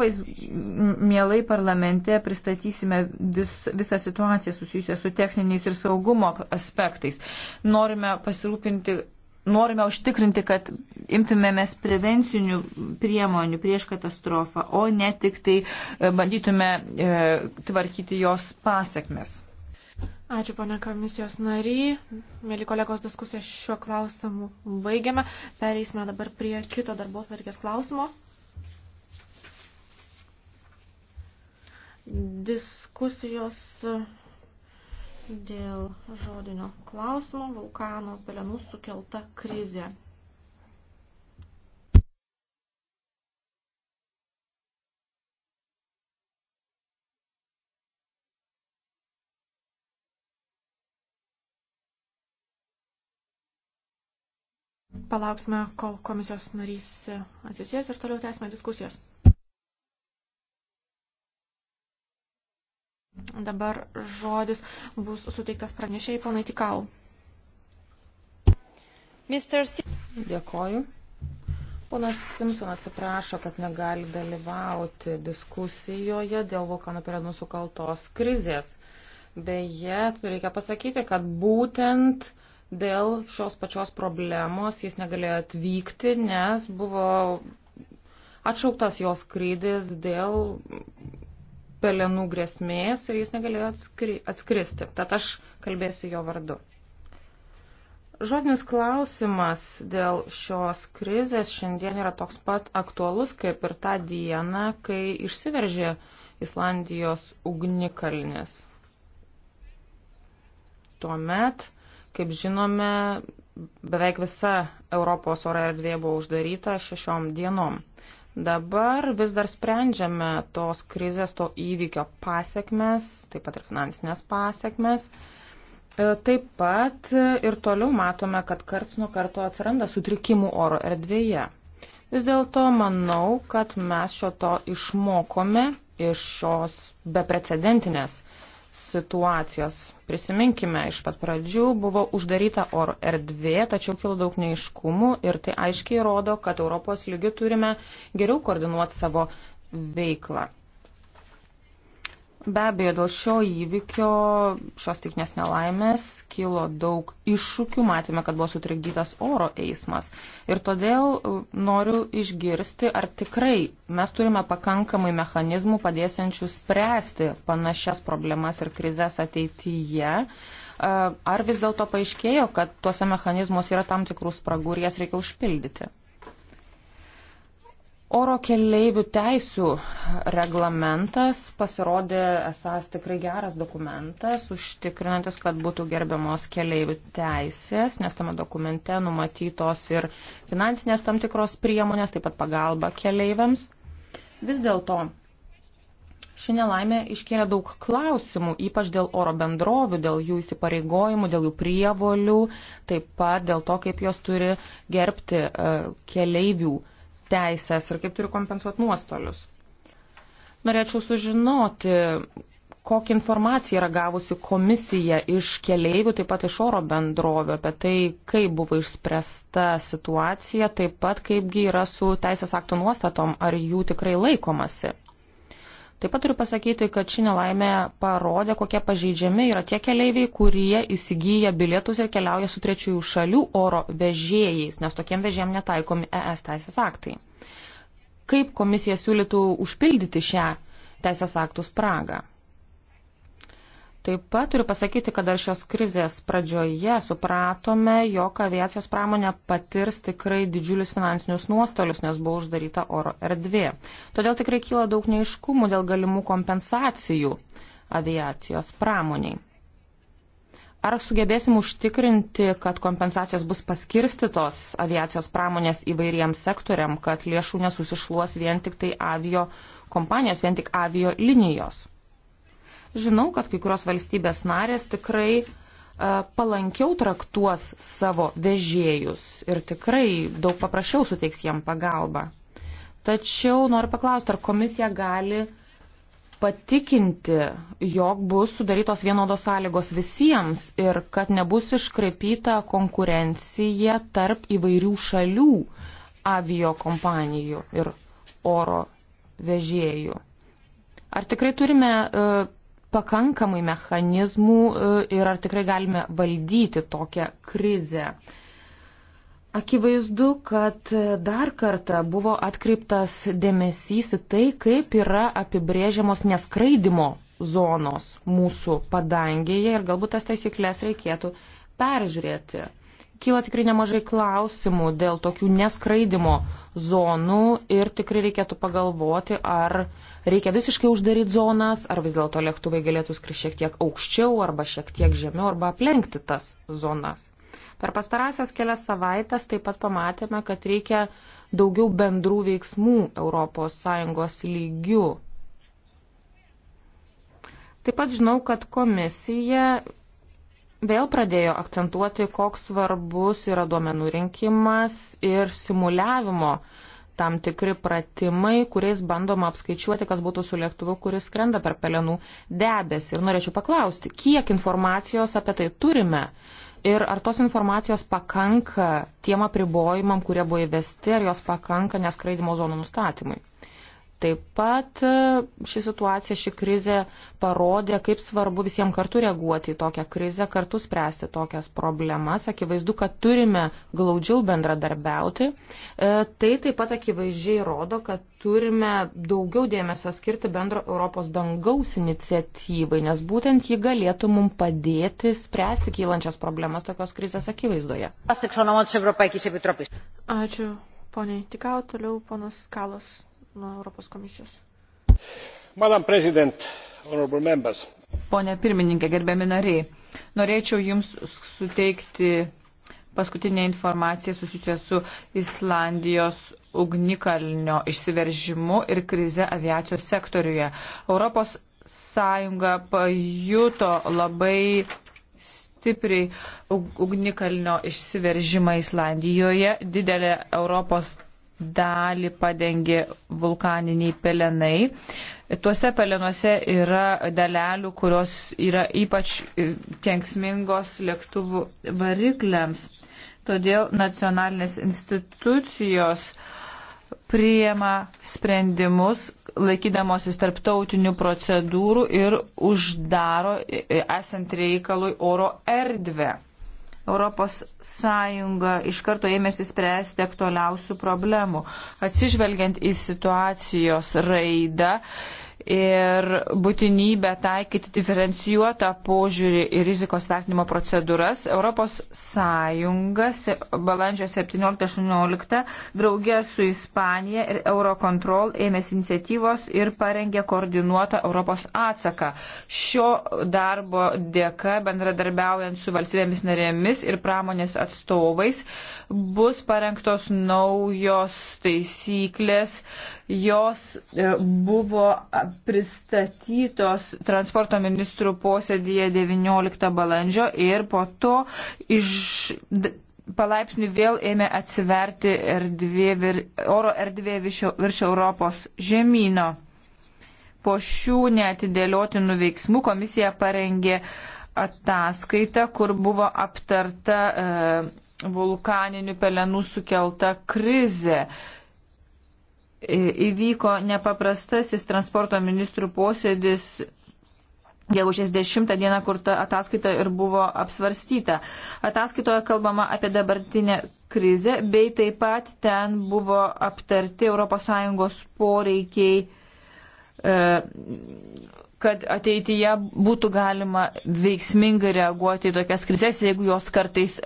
Vaiz, mielai parlamente pristatysime vis, visą situaciją susijusią su techniniais ir saugumo aspektais. Norime pasirūpinti. Norime užtikrinti, kad imtumėmės prevencinių priemonių prieš katastrofą, o ne tik tai e, bandytume e, tvarkyti jos pasiekmes. Ačiū, pane komisijos nariai. Mėly kolegos, diskusiją šiuo klausimu baigiame. Pereisime dabar prie kito darbo tvarkės klausimo. diskusijos dėl žodinio klausimo vulkano pelenų sukelta krizė. Palauksime, kol komisijos narys atsisės ir toliau tęsime diskusijas. Dabar žodis bus suteiktas pranešėjai ponai Tikau. Dėkoju. Ponas Simpson atsiprašo, kad negali dalyvauti diskusijoje dėl vulkano pelenų sukaltos krizės. Beje, reikia pasakyti, kad būtent dėl šios pačios problemos jis negalėjo atvykti, nes buvo atšauktas jos skrydis dėl pelenų grėsmės ir jis negalėjo atskri, atskristi. Tad aš kalbėsiu jo vardu. Žodinis klausimas dėl šios krizės šiandien yra toks pat aktualus kaip ir tą dieną, kai išsiveržė Islandijos ugnikalnis. Tuomet, kaip žinome, beveik visa Europos oro erdvė buvo uždaryta šešiom dienom. Dabar vis dar sprendžiame tos krizės, to įvykio pasiekmes, taip pat ir finansinės pasiekmes. E, taip pat ir toliau matome, kad karts nuo karto atsiranda sutrikimų oro erdvėje. Vis dėlto manau, kad mes šio to išmokome iš šios beprecedentinės situacijos. Prisiminkime, iš pat pradžių buvo uždaryta oro erdvė, tačiau kilo daug neiškumų ir tai aiškiai rodo, kad Europos lygių turime geriau koordinuoti savo veiklą. Be abejo, dėl šio įvykio, šios tiknės nelaimės, kilo daug iššūkių, matėme, kad buvo sutrikdytas oro eismas. Ir todėl e, noriu išgirsti, ar tikrai mes turime pakankamai mechanizmų padėsiančių spręsti panašias problemas ir krizės ateityje. E, ar vis dėlto paaiškėjo, kad tuose mechanizmuose yra tam tikrų spragų ir jas reikia užpildyti? Oro keleivių teisų reglamentas pasirodė esas tikrai geras dokumentas, užtikrinantis, kad būtų gerbiamos keleivių teisės, nes tame dokumente numatytos ir finansinės tam tikros priemonės, taip pat pagalba keleiviams. Vis dėlto ši nelaimė iškėlė daug klausimų, ypač dėl oro bendrovių, dėl jų įsipareigojimų, dėl jų prievolių, taip pat dėl to, kaip jos turi gerbti uh, keleivių teisės ir kaip turi kompensuoti nuostolius. Norėčiau sužinoti, kokią informaciją yra gavusi komisija iš keleivių, taip pat iš oro bendrovio, apie tai, kaip buvo išspręsta situacija, taip pat kaipgi yra su teisės aktų nuostatom, ar jų tikrai laikomasi. Taip pat turiu pasakyti, kad ši nelaimė parodė, kokie pažeidžiami yra tie keleiviai, kurie įsigyja bilietus ir keliauja su trečiųjų šalių oro vežėjais, nes tokiem vežėjim netaikomi ES teisės aktai. Kaip komisija siūlytų užpildyti šią teisės aktų spragą? Taip pat turiu pasakyti, kad dar šios krizės pradžioje supratome, jog aviacijos pramonė patirs tikrai didžiulius finansinius nuostolius, nes buvo uždaryta oro erdvė. Todėl tikrai kyla daug neiškumų dėl galimų kompensacijų aviacijos pramoniai. Ar sugebėsim užtikrinti, kad kompensacijos bus paskirstytos aviacijos pramonės įvairiems sektoriam, kad lėšų nesusišluos vien tik tai avio kompanijos, vien tik avio linijos? Žinau, kad kai kurios valstybės narės tikrai e, palankiau traktuos savo vežėjus ir tikrai daug paprasčiau suteiks jiem pagalbą. Tačiau noriu paklausti, ar komisija gali patikinti, jog bus sudarytos vienodos sąlygos visiems ir kad nebus iškreipyta konkurencija tarp įvairių šalių avio kompanijų ir oro vežėjų. Ar tikrai turime uh, pakankamai mechanizmų e, ir ar tikrai galime valdyti tokią krizę. Akivaizdu, kad dar kartą buvo atkreiptas dėmesys į tai, kaip yra apibrėžiamos neskraidimo zonos mūsų padangėje ir galbūt tas taisyklės reikėtų peržiūrėti. Kyla tikrai nemažai klausimų dėl tokių neskraidimo zonų ir tikrai reikėtų pagalvoti, ar uh, reikia visiškai uždaryti zonas, ar vis dėlto lėktuvai galėtų skristi šiek tiek aukščiau, arba šiek tiek žemiau, arba aplenkti tas zonas. Per pastarąsias kelias savaitės taip pat pamatėme, kad reikia daugiau bendrų veiksmų ES lygių. Taip pat žinau, kad komisija vėl pradėjo akcentuoti, koks svarbus yra duomenų rinkimas ir simuliavimo uh, tam tikri pratimai, kuriais bandoma apskaičiuoti, kas būtų su lėktuvu, kuris skrenda per pelenų debesį. Ir norėčiau paklausti, kiek informacijos apie tai turime ir ar tos informacijos pakanka tiem apribojimam, kurie buvo įvesti, ar jos pakanka neskraidimo zonų nustatymui. Taip pat e, ši situacija, ši krizė parodė, kaip svarbu visiems kartu reaguoti į tokią krizę, kartu spręsti tokias problemas. Akivaizdu, kad turime glaudžiau bendradarbiauti. E, tai taip pat akivaizdžiai rodo, kad turime daugiau dėmesio skirti bendro Europos dangaus iniciatyvai, nes būtent ji galėtų mums padėti spręsti kylančias problemas tokios krizės akivaizdoje. Ačiū, poniai. Tikau toliau, ponas Kalos nuo Europos komisijos. Madam President, honorable members. Pone pirmininkė, gerbiami nariai, norėčiau Jums suteikti paskutinę informaciją susijusią su Islandijos ugnikalnio išsiveržimu ir krize aviacijos sektoriuje. Europos Sąjunga pajuto labai stipriai ugnikalnio išsiveržimą Islandijoje. Didelė Europos dalį padengė vulkaniniai pelenai. Tuose pelenuose yra dalelių, kurios yra ypač e, kenksmingos lėktuvų varikliams. Todėl nacionalinės institucijos priema sprendimus laikydamosis tarptautinių procedūrų ir uždaro e, e, esant reikalui oro erdvę. Europos Sąjunga iš karto ėmėsi spręsti aktualiausių problemų. Atsižvelgiant į situacijos raidą, ir būtinybę taikyti diferencijuotą požiūrį į rizikos vertinimo procedūras, ES balandžio 17-18 draugė su Ispanija ir Eurocontrol ėmėsi iniciatyvos ir parengė koordinuotą Europos atsaką. Šio darbo dėka, bendradarbiaujant su valstybėmis narėmis ir pramonės atstovais, bus parengtos naujos taisyklės jos e, buvo pristatytos transporto ministrų posėdėje 19 balandžio ir po to iš palaipsniui vėl ėmė atsiverti erdvė, vir, oro erdvė virš, virš Europos žemyno. Po šių neatidėliotinų veiksmų komisija parengė ataskaitą, kur buvo aptarta e, vulkaninių pelenų sukelta krizė. E, įvyko nepaprastasis transporto ministrų posėdis Gegužės 10 dieną, kur ta ataskaita ir buvo apsvarstyta. Ataskaitoje kalbama apie dabartinę krizę, bei taip pat ten buvo aptarti ES poreikiai e, kad ateityje būtų galima veiksmingai reaguoti į tokias krizės, jeigu jos kartais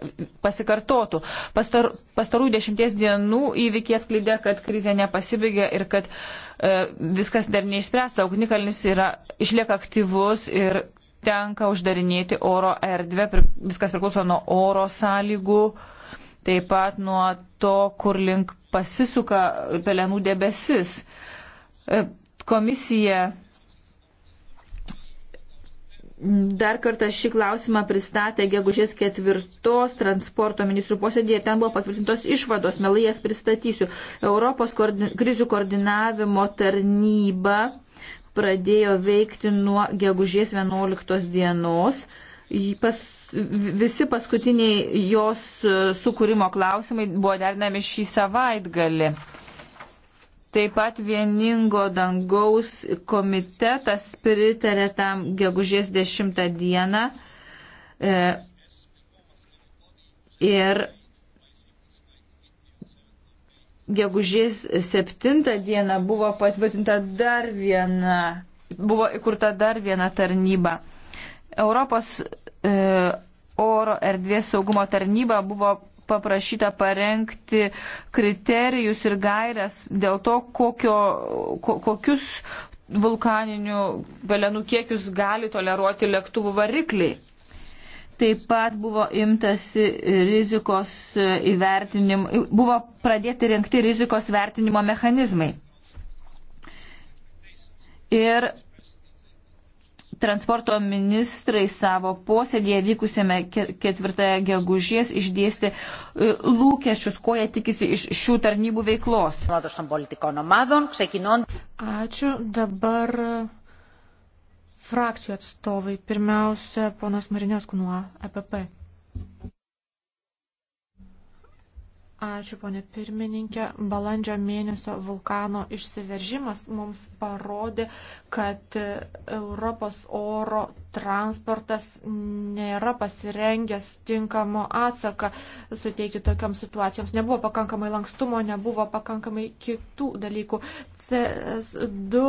pasikartotų. Pastar, pastarų dešimties dienų įvykiai atskleidė, kad krizė nepasibaigė ir kad e, viskas dar neišspręsta. Ugnikalnis yra, išlieka aktyvus ir tenka uždarinėti oro erdvę, viskas priklauso nuo oro sąlygų, taip pat nuo to, kur link pasisuka pelenų debesis. E, komisija dar kartą šį klausimą pristatė gegužės ketvirtos transporto ministrų posėdėje. Ten buvo patvirtintos išvados, melai jas pristatysiu. Europos koordin krizių koordinavimo tarnyba pradėjo veikti nuo gegužės 11 dienos. Pas, visi paskutiniai jos sukūrimo klausimai buvo derinami šį savaitgalį. Taip pat vieningo dangaus komitetas pritarė tam gegužės 10 dieną e, ir gegužės 7 dieną buvo patvirtinta dar viena, buvo įkurta dar viena tarnyba. Europos e, oro erdvės saugumo tarnyba buvo paprašyta parengti kriterijus ir gairias dėl to, kokio, ko, kokius vulkaninių pelenų kiekius gali toleruoti lėktuvų varikliai. Taip pat buvo imtasi rizikos e, įvertinimo, buvo pradėti renkti rizikos vertinimo mechanizmai. Ir transporto ministrai savo posėdėje vykusėme ketvirtąją gegužės išdėstė e, lūkesčius, ko jie tikisi iš šių tarnybų veiklos. Ačiū. Dabar frakcijų atstovai. Pirmiausia, ponas Marinės Kunuo, EPP. Ačiū, ponė pirmininkė. Balandžio mėnesio vulkano išsiveržimas mums parodė, kad Europos oro transportas nėra pasirengęs tinkamo atsaką suteikti tokiam situacijoms. Nebuvo pakankamai lankstumo, nebuvo pakankamai kitų dalykų. CS2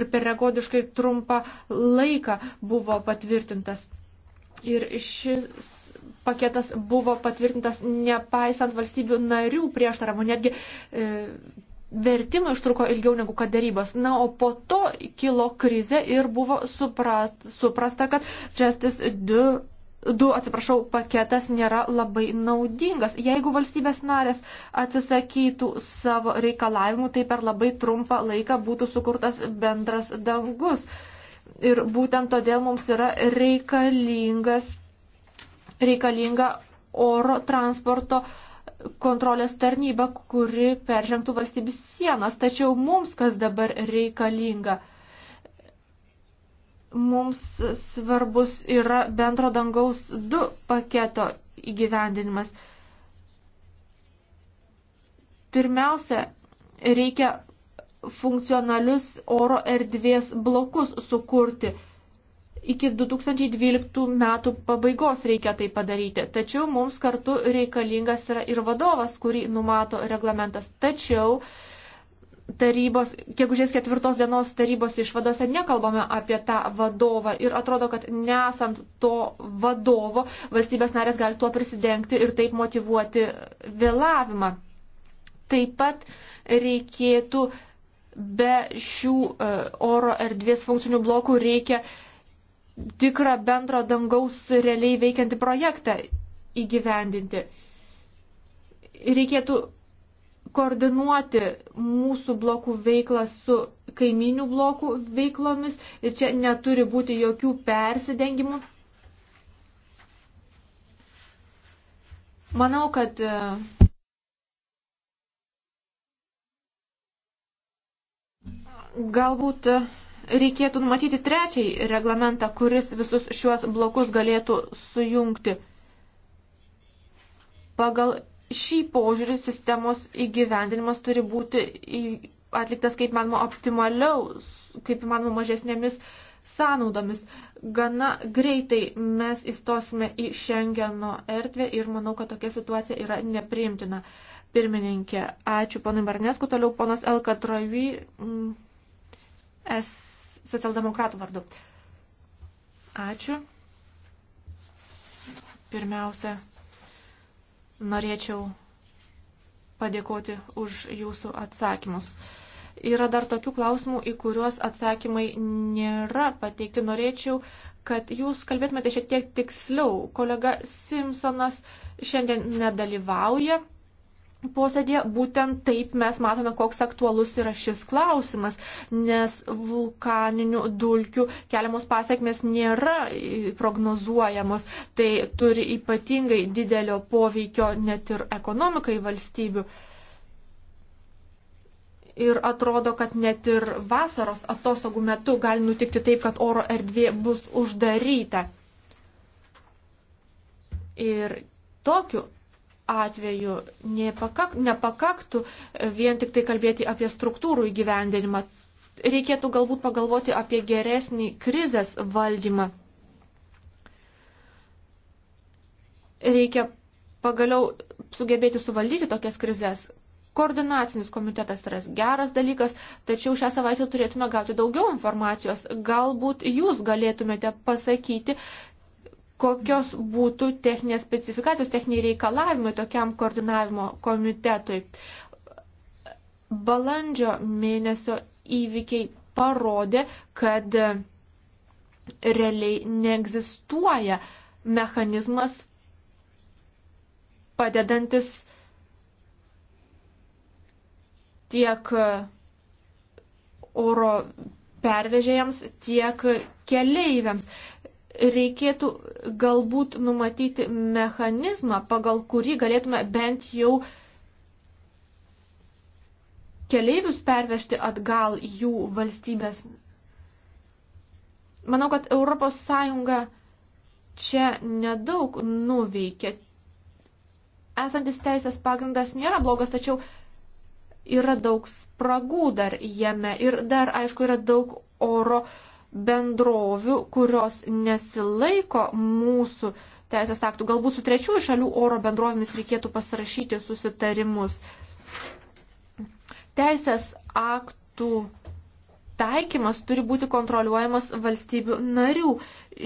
ir perregodiškai trumpą laiką buvo patvirtintas. Ir šis paketas buvo patvirtintas nepaisant valstybių narių prieštaravimų, netgi e, vertimai užtruko ilgiau negu kad darybos. Na, o po to kilo krizė ir buvo suprast, suprasta, kad Justice 2. Du, atsiprašau, paketas nėra labai naudingas. Jeigu valstybės narės atsisakytų savo reikalavimų, tai per labai trumpą laiką būtų sukurtas bendras dangus. Ir būtent todėl mums yra reikalingas reikalinga oro transporto kontrolės tarnyba, kuri peržengtų valstybės sienas. Tačiau mums kas dabar reikalinga? Mums svarbus yra bendro dangaus 2 paketo įgyvendinimas. Pirmiausia, reikia funkcionalius oro erdvės blokus sukurti iki 2012 metų pabaigos reikia tai padaryti. Tačiau mums kartu reikalingas yra ir vadovas, kurį numato reglamentas. Tačiau tarybos, kiekužės ketvirtos dienos tarybos išvadose nekalbame apie tą vadovą ir atrodo, kad nesant to vadovo valstybės narės gali tuo prisidengti ir taip motivuoti vėlavimą. Taip pat reikėtų be šių e, oro erdvės funkcinių blokų reikia uh, tikrą bendro dangaus realiai veikiantį projektą įgyvendinti. Reikėtų koordinuoti mūsų blokų veiklą su kaiminių blokų veiklomis ir čia neturi būti jokių persidengimų. Manau, kad e, galbūt reikėtų numatyti trečiai reglamentą, kuris visus šiuos blokus galėtų sujungti. Pagal šį požiūrį sistemos įgyvendinimas turi būti atliktas kaip manoma optimaliau, kaip manoma mažesnėmis sąnaudomis. Gana greitai mes įstosime į Šengeno erdvę ir manau, kad tokia situacija yra nepriimtina. Pirmininkė, ačiū ponui Barnesku, toliau ponas Elkatravi. Mm, S socialdemokratų vardu. Ačiū. Pirmiausia, norėčiau padėkoti už jūsų atsakymus. Yra dar tokių klausimų, į kuriuos atsakymai nėra pateikti. Norėčiau, kad jūs kalbėtumėte šiek tiek tiksliau. Kolega Simpsonas šiandien nedalyvauja posėdėje, būtent taip mes matome, koks aktualus yra šis klausimas, nes vulkaninių dulkių keliamos pasiekmes nėra prognozuojamos, tai turi ypatingai didelio poveikio net ir ekonomikai valstybių. Ir atrodo, kad net ir vasaros atostogų metu gali nutikti taip, kad oro erdvė bus uždaryta. Ir tokiu atveju nepakak, nepakaktų vien tik tai kalbėti apie struktūrų įgyvendinimą. Reikėtų galbūt pagalvoti apie geresnį krizės valdymą. Reikia pagaliau sugebėti suvaldyti tokias krizės. Koordinacinis komitetas yra geras dalykas, tačiau šią savaitę turėtume gauti daugiau informacijos. Galbūt jūs galėtumėte pasakyti, kokios būtų techninės specifikacijos, techniniai reikalavimai tokiam koordinavimo komitetui. Balandžio mėnesio įvykiai parodė, kad realiai neegzistuoja mechanizmas padedantis tiek oro pervežėjams, tiek keleiviams reikėtų galbūt numatyti mechanizmą, pagal kurį galėtume bent jau keleivius pervežti atgal į jų valstybės. Manau, kad ES čia nedaug nuveikė. Esantis teisės pagrindas nėra blogas, tačiau yra daug spragų dar jame ir dar, aišku, yra daug oro uh, bendrovių, kurios nesilaiko mūsų teisės aktų. Galbūt su trečiųjų šalių oro bendrovėmis reikėtų pasirašyti susitarimus. Teisės aktų taikymas turi būti kontroliuojamas valstybių narių.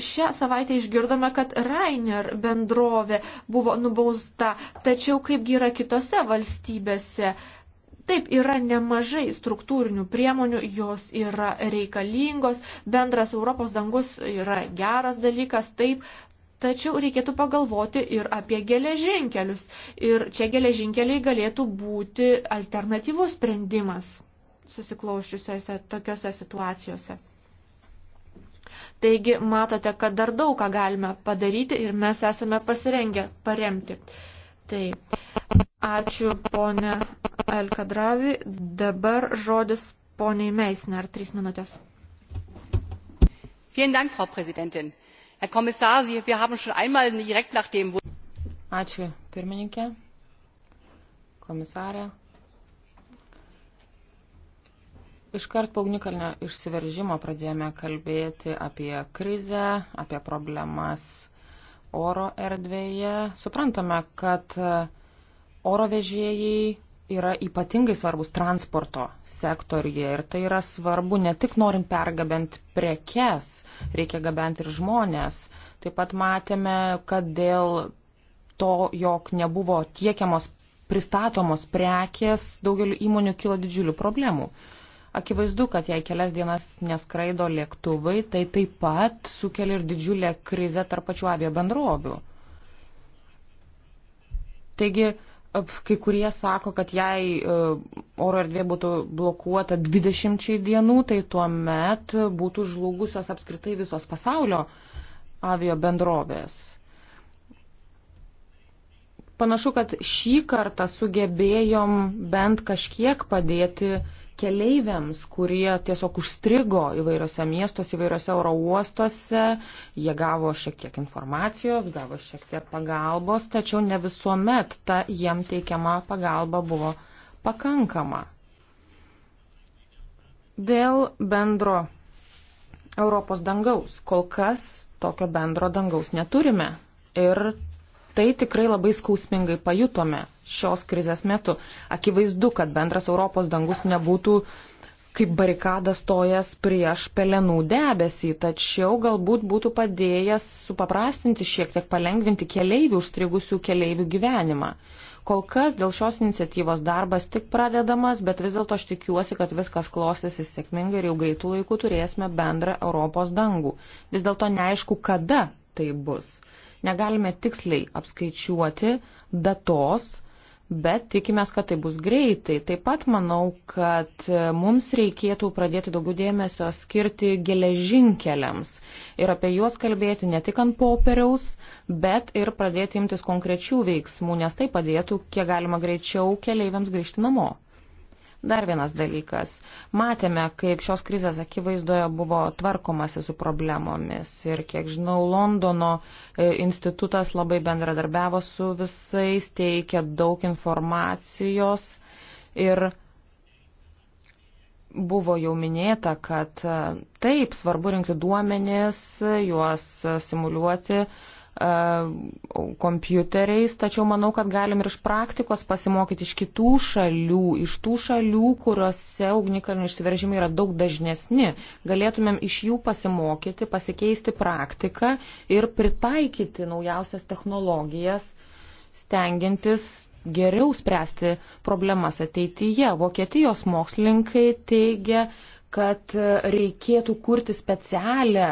Šią savaitę išgirdome, kad Rainer bendrovė buvo nubausta, tačiau kaipgi yra kitose valstybėse. Uh, Taip, yra nemažai struktūrinių priemonių, jos yra reikalingos, bendras Europos dangus yra geras dalykas, taip, tačiau reikėtų pagalvoti ir apie geležinkelius. Ir čia geležinkeliai galėtų būti alternatyvus sprendimas susiklauščiusiuose tokiuose situacijose. Taigi matote, kad dar daug ką galime padaryti ir mes esame pasirengę paremti. Taip. Ačiū, ponė Elkadravi. Dabar žodis poniai Meisner, trys minutės. Vielen Dank, Frau Präsidentin. Herr Kommissar, Sie, wir haben schon einmal direkt nach dem. Ačiū, pirmininkė, komisarė. Iškart po ugnikalnio išsiveržimo pradėjome kalbėti apie krizę, apie problemas oro erdvėje, suprantame, kad oro vežėjai yra ypatingai svarbus transporto sektorija ir tai yra svarbu ne tik norint pergabent prekes, reikia gabenti ir žmonės. Taip pat matėme, kad dėl to, jog nebuvo tiekiamos pristatomos prekės, daugeliu įmonių kilo didžiulių problemų. Akivaizdu, kad jei kelias dienas neskraido lėktuvai, tai taip pat sukelia ir didžiulę krizę tarp pačių avio bendrovių. Taigi, kai kurie sako, kad jei e, oro erdvė būtų blokuota 20 dienų, tai tuo met būtų žlugusios apskritai visos pasaulio avio bendrovės. Panašu, kad šį kartą sugebėjom bent kažkiek padėti uh, keleiviams, kurie tiesiog užstrigo įvairiose miestuose, įvairiose oro uostuose. Jie gavo šiek tiek informacijos, gavo šiek tiek pagalbos, tačiau ne visuomet ta jiem teikiama pagalba buvo pakankama. Dėl bendro Europos dangaus kol kas tokio bendro dangaus neturime ir tai tikrai labai skausmingai pajutome šios krizės metu. Akivaizdu, kad bendras Europos dangus nebūtų kaip barikada stojas prieš pelenų debesį, tačiau galbūt būtų padėjęs supaprastinti šiek tiek palengvinti keleivių, užstrigusių keleivių gyvenimą. Kol kas dėl šios iniciatyvos darbas tik pradedamas, bet vis dėlto aš tikiuosi, kad viskas klostysis sėkmingai ir jau greitų laikų turėsime bendrą Europos dangų. Vis dėlto neaišku, kada tai bus. Negalime tiksliai apskaičiuoti datos, bet tikimės, kad tai bus greitai. Taip pat manau, kad mums reikėtų pradėti daugiau dėmesio skirti geležinkeliams ir apie juos kalbėti ne tik ant popieriaus, bet ir pradėti imtis konkrečių veiksmų, nes tai padėtų kiek galima greičiau keleiviams grįžti namo. Dar vienas dalykas. Matėme, kaip šios krizės akivaizdoje buvo tvarkomasi su problemomis. Ir kiek žinau, Londono e, institutas labai bendradarbiavo su visais, teikė daug informacijos. Ir buvo jau minėta, kad e, taip, svarbu rinkti duomenis, juos simuliuoti E, kompiuteriais, tačiau manau, kad galim ir iš praktikos pasimokyti iš kitų šalių, iš tų šalių, kuriuose ugnikalnių išsiveržimai yra daug dažnesni. Galėtumėm iš jų pasimokyti, pasikeisti praktiką ir pritaikyti naujausias technologijas, stengiantis geriau spręsti problemas ateityje. Vokietijos mokslininkai teigia, kad reikėtų kurti specialią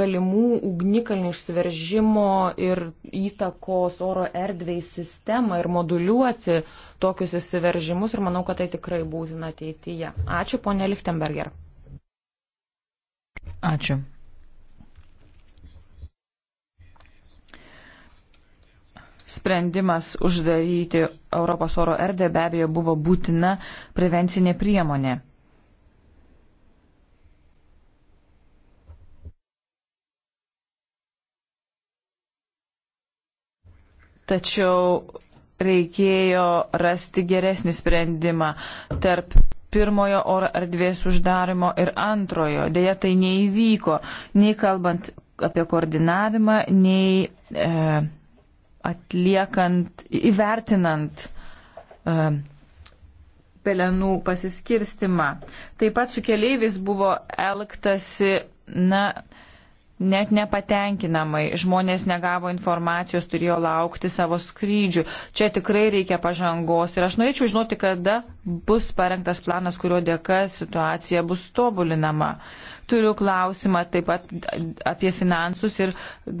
galimų ugnikalnių išsiveržimo ir įtakos oro erdvėjai sistemą ir moduliuoti tokius įsiveržimus ir manau, kad tai tikrai būtina ateityje. Ačiū, ponė Lichtenberger. Ačiū. Sprendimas uždaryti Europos oro erdvę be abejo buvo būtina prevencinė priemonė Tačiau reikėjo rasti geresnį sprendimą tarp pirmojo oro erdvės uždarimo ir antrojo. Deja, tai neįvyko, nei kalbant apie koordinavimą, nei e, atliekant, įvertinant e, pelenų pasiskirstimą. Taip pat su keliaiviais buvo elgtasi, na, net nepatenkinamai. Žmonės negavo informacijos, turėjo laukti savo skrydžių. Čia tikrai reikia pažangos ir aš norėčiau žinoti, kada bus parengtas planas, kurio dėka situacija bus tobulinama. Turiu klausimą taip pat apie finansus ir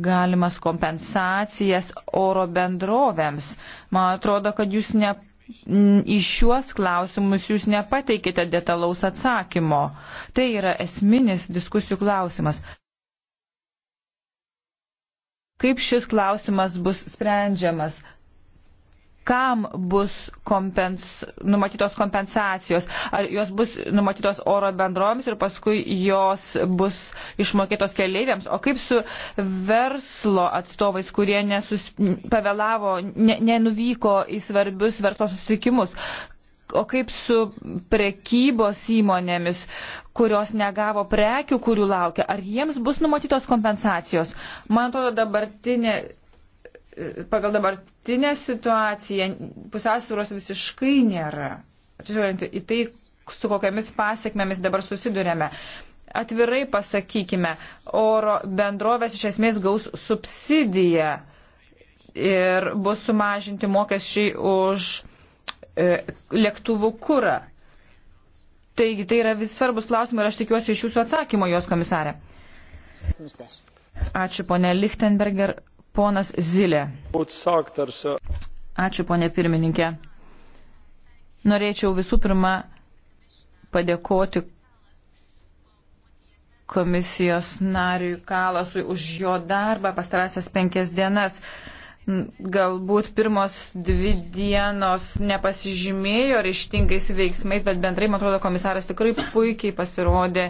galimas kompensacijas oro bendrovėms. Man atrodo, kad jūs ne į šiuos klausimus jūs nepateikite detalaus atsakymo. Tai yra esminis diskusijų klausimas. Kaip šis klausimas bus sprendžiamas? Kam bus kompens, numatytos kompensacijos? Ar jos bus numatytos oro bendrovėms ir paskui jos bus išmokėtos keleiviams? O kaip su verslo atstovais, kurie nesus, pavėlavo, ne, nenuvyko į svarbius verslo susitikimus? o kaip su prekybos įmonėmis, kurios negavo prekių, kurių laukia, ar jiems bus numatytos kompensacijos? Man atrodo, dabartinė, pagal dabartinę situaciją pusiausvėros visiškai nėra. Atsižiūrint į tai, su kokiamis pasiekmėmis dabar susidurėme. Atvirai pasakykime, oro bendrovės iš esmės gaus subsidiją ir bus sumažinti mokesčiai už E, lėktuvų kurą. Taigi tai yra vis svarbus klausimai ir aš tikiuosi iš jūsų atsakymo, jos komisarė. Ačiū, ponė Lichtenberger. Ponas Zilė. Ačiū, ponė pirmininkė. Norėčiau visų pirma padėkoti komisijos nariui Kalasui už jo darbą pastarąsias penkias dienas galbūt pirmos dvi dienos nepasižymėjo ryštingais veiksmais, bet bendrai, man atrodo, komisaras tikrai puikiai pasirodė,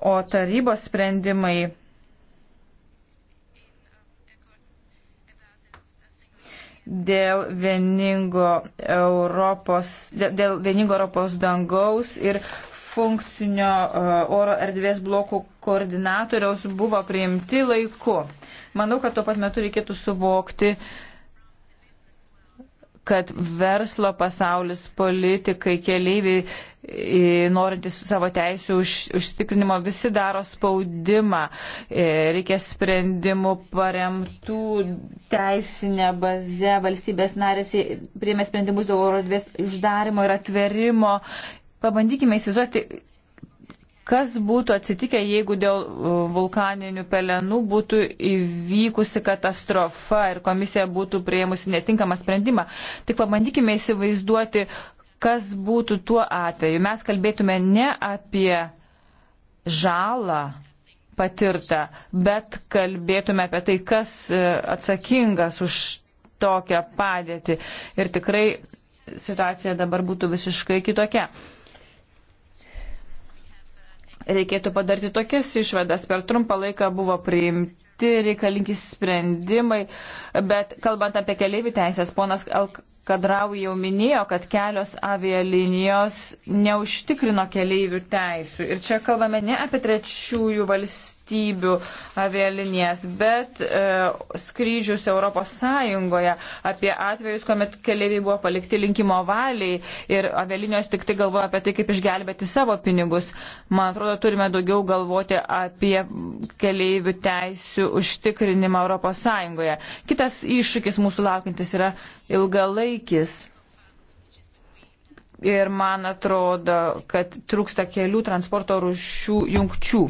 o tarybos sprendimai. Dėl vieningo, Europos, dėl vieningo Europos dangaus ir funkcinio e, oro erdvės blokų koordinatoriaus buvo priimti laiku. Manau, kad tuo pat metu reikėtų suvokti, kad verslo pasaulis, politikai, keleiviai, e, norintys savo teisų už, užtikrinimo, visi daro spaudimą. E, reikia sprendimų paremtų teisinę bazę. Valstybės narės priėmė sprendimus dėl oro dvies uždarimo ir atverimo. Pabandykime įsivaizduoti, kas būtų atsitikę, jeigu dėl e, vulkaninių pelenų būtų įvykusi katastrofa ir komisija būtų prieimusi netinkamą sprendimą. Tik pabandykime įsivaizduoti, kas būtų tuo atveju. Mes kalbėtume ne apie žalą patirtą, bet kalbėtume apie tai, kas e, atsakingas už tokią padėtį. Ir tikrai situacija dabar būtų visiškai kitokia reikėtų padaryti tokias išvadas. Per trumpą laiką buvo priimti reikalingi sprendimai, bet kalbant apie keliaivių teisės, ponas Alk Kadrau jau minėjo, kad kelios avialinijos neužtikrino keleivių teisų. Ir čia kalbame ne apie trečiųjų valstybių avialinijas, bet e, skrydžius Europos Sąjungoje, apie atvejus, kuomet keleiviai buvo palikti linkimo valiai ir avialinijos tik tai galvoja apie tai, kaip išgelbėti savo pinigus. Man atrodo, turime daugiau galvoti apie keleivių teisų užtikrinimą Europos Sąjungoje. Kitas iššūkis mūsų laukintis yra ilgalai poreikis. Ir man atrodo, kad trūksta kelių transporto rušių jungčių.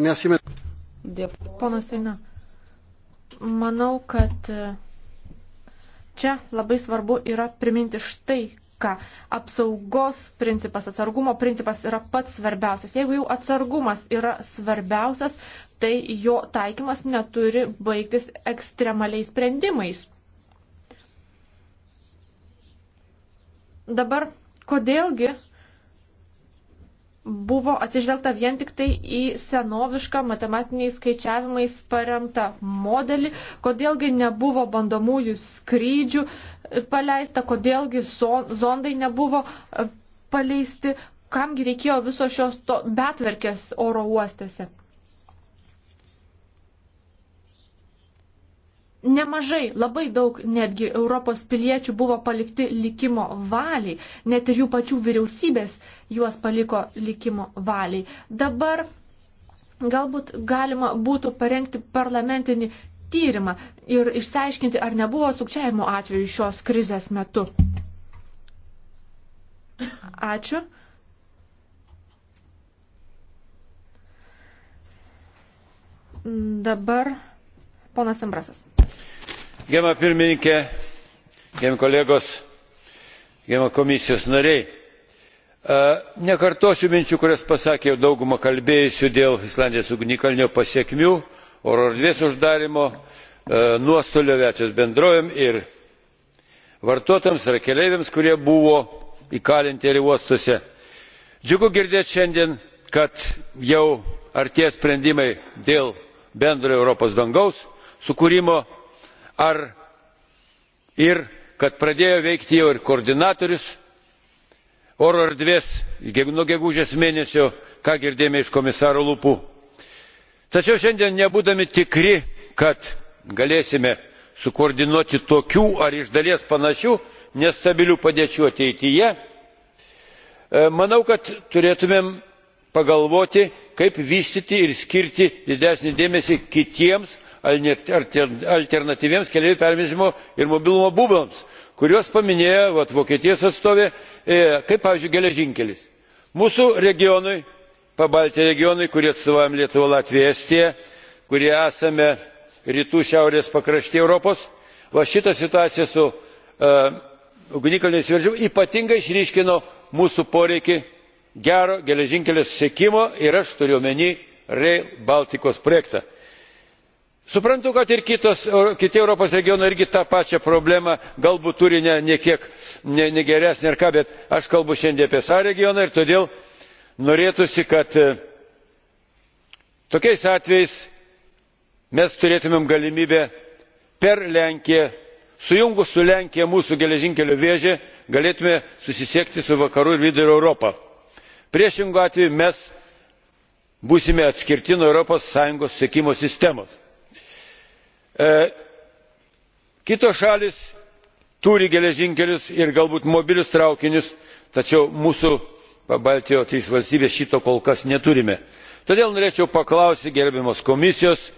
Eh, Ponas Eina, manau, kad eh, čia labai svarbu yra priminti štai, ką apsaugos principas, atsargumo principas yra pats svarbiausias. Jeigu jau atsargumas yra svarbiausias, tai jo taikymas neturi baigtis ekstremaliais sprendimais. Dabar kodėlgi buvo atsižvelgta vien tik tai į senovišką matematiniais skaičiavimais paremtą modelį, kodėlgi nebuvo bandomųjų skrydžių paleista, kodėlgi zondai nebuvo e, paleisti, kamgi reikėjo visos šios betverkės oro uostėse. Nemažai, labai daug netgi Europos piliečių buvo palikti likimo valiai, net ir jų pačių vyriausybės juos paliko likimo valiai. Dabar galbūt galima būtų parengti parlamentinį tyrimą ir išsiaiškinti, ar nebuvo sukčiavimo atveju šios krizės metu. Ačiū. Dabar ponas Ambrasas gerbiama pirmininke gerbiami kolegos gerbiama komisijos nariai nekartosiu minčių kurias pasakė jau dauguma kalbėjusių dėl islandijos ugnikalnio pasekmių oro erdvės uždarymo nuostolio aviacijos bendrovėms ir vartotojams ir keleiviams kurie buvo įkalinti oro uostuose. džiugu girdėti šiandien kad jau artėja sprendimai dėl bendrojo europos dangaus sukūrimo ar ir kad pradėjo veikti jau ir koordinatorius oro erdvės nuo gegužės mėnesio ką girdėjome iš komisaro lūpų. tačiau šiandien nebūdami tikri kad galėsime sukoordinuoti tokių ar iš dalies panašių nestabilių padėčių ateityje e, manau kad turėtumėm pagalvoti kaip vystyti ir skirti didesnį dėmesį kitiems alternatyviems keleivių pervežimo ir mobilumo būdams kuriuos paminėjo vat, vokietijos atstovė e, kaip pavyzdžiui geležinkelis. mūsų regionui pabaltijo regionui kurį atstovaujam lietuva latvija estija kurie esame rytų šiaurės pakraštyje europos va šita situacija su uh, e, ugnikalnio išsiveržimu ypatingai išryškino mūsų poreikį gero geležinkelio siekimo ir aš turiu omeny rail baltikos projektą. suprantu kad ir kitos, kiti europos regionai irgi tą pačią problemą galbūt turi ne, ne kiek ne, ne geresnę ar ką bet aš kalbu šiandien apie savo regioną ir todėl norėtųsi kad e, tokiais atvejais mes turėtumėm galimybę per lenkiją sujungus su lenkija mūsų geležinkelio vėžę galėtume susisiekti su vakarų ir vidurio europa priešingu atveju mes būsime atskirti nuo europos sąjungos sekimo sistemos. E, kitos šalys turi geležinkelius ir galbūt mobilius traukinius tačiau mūsų pabaltijo trys valstybės šito kol kas neturime. todėl norėčiau paklausti gerbiamos komisijos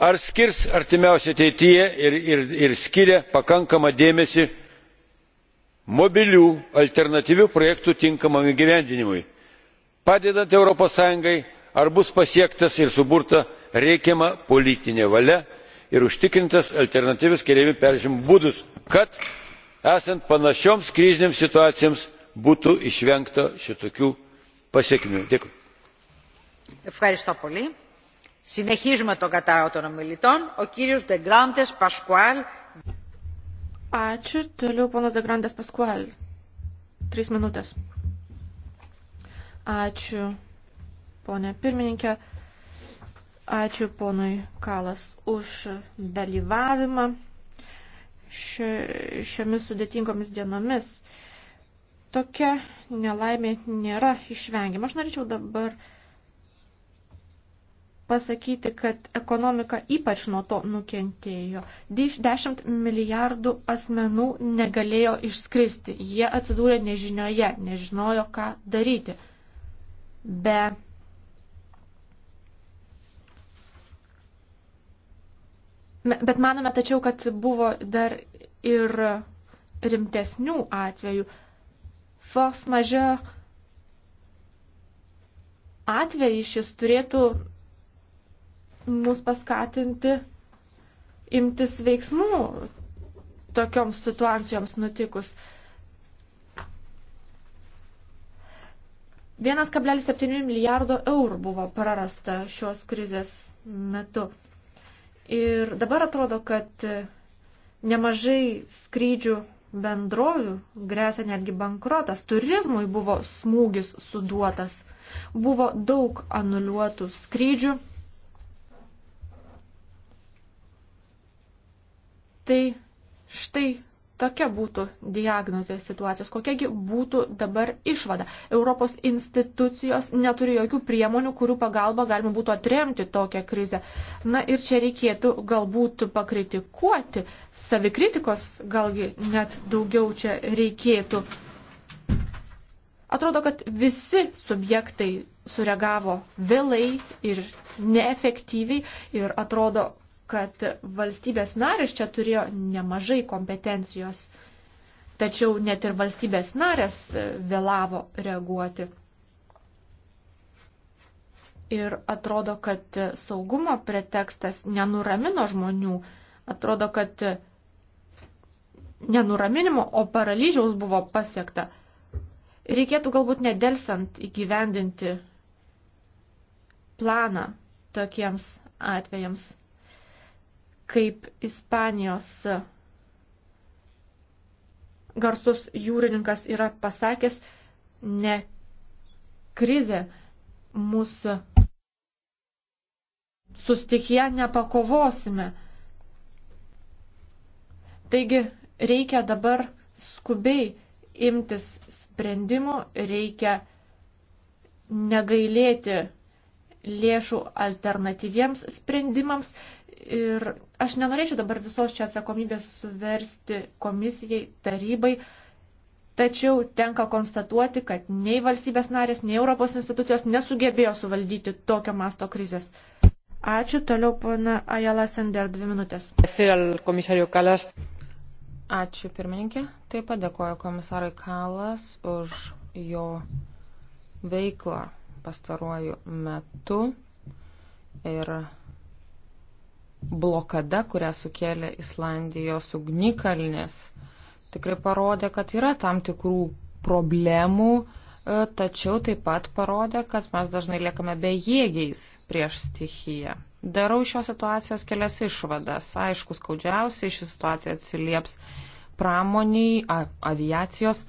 ar skirs artimiausioje ateityje ir, ir, ir skiria pakankamą dėmesį mobilių alternatyvių projektų tinkamam įgyvendinimui padedant europos sąjungai ar bus pasiektas ir suburta reikiama politinė valia ir užtikrintas alternatyvius keleivių pervežimo būdus kad esant panašioms krizinėms situacijoms būtų išvengta šitokių pasekmių. Dėkui. Ευχαριστώ πολύ. Συνεχίζουμε τον κατάλογο των ομιλητών. Ο κύριος Ντεγκράντες Πασκουάλ Ačiū. Toliau ponas Degrandas Paskual. Trys minutės. Ačiū, ponė pirmininkė. Ačiū ponui Kalas už dalyvavimą šiomis sudėtingomis dienomis. Tokia nelaimė nėra išvengiama. Aš norėčiau dabar pasakyti, kad ekonomika ypač nuo to nukentėjo. 10 milijardų asmenų negalėjo išskristi. Jie atsidūrė nežinioje, nežinojo, ką daryti. Be Bet manome tačiau, kad buvo dar ir rimtesnių atvejų. Force majeure atvejai šis turėtų mus paskatinti imtis veiksmų tokioms situacijoms nutikus. 1,7 milijardo eurų buvo prarasta šios krizės metu. Ir dabar atrodo, kad nemažai skrydžių bendrovių grėsia netgi bankrotas. Turizmui buvo smūgis suduotas. Buvo daug anuliuotų skrydžių Tai štai tokia būtų diagnozė situacijos. Kokiagi būtų dabar išvada? Europos institucijos neturi jokių priemonių, kurių pagalba galima būtų atremti tokią krizę. Na ir čia reikėtų galbūt pakritikuoti. Savikritikos galgi net daugiau čia reikėtų. Atrodo, kad visi subjektai sureagavo vėlai ir neefektyviai ir atrodo, kad valstybės narės čia turėjo nemažai kompetencijos, tačiau net ir valstybės narės e, vėlavo reaguoti. Ir atrodo, kad e, saugumo pretekstas nenuramino žmonių, atrodo, kad e, nenuraminimo, o paralyžiaus buvo pasiekta. Reikėtų galbūt nedelsiant įgyvendinti planą tokiems atvejams kaip Ispanijos garsus jūrininkas yra pasakęs, ne krizė mūsų sustikie nepakovosime. Taigi reikia dabar skubiai imtis sprendimų, reikia negailėti lėšų alternatyviems sprendimams ir Aš nenorėčiau dabar visos čia atsakomybės suversti komisijai, tarybai, tačiau tenka konstatuoti, kad nei valstybės narės, nei Europos institucijos nesugebėjo suvaldyti tokio masto krizės. Ačiū, toliau pana Ajala Sender, dvi minutės. Ačiū, pirmininkė. Taip pat dėkoju komisarai Kalas už jo veiklą pastaruoju metu ir blokada, kurią sukėlė Islandijos ugnikalnis, tikrai parodė, kad yra tam tikrų problemų, e, tačiau taip pat parodė, kad mes dažnai liekame bejėgiais prieš stichiją. Darau šios situacijos kelias išvadas. Aišku, skaudžiausiai ši situacija atsilieps pramoniai, aviacijos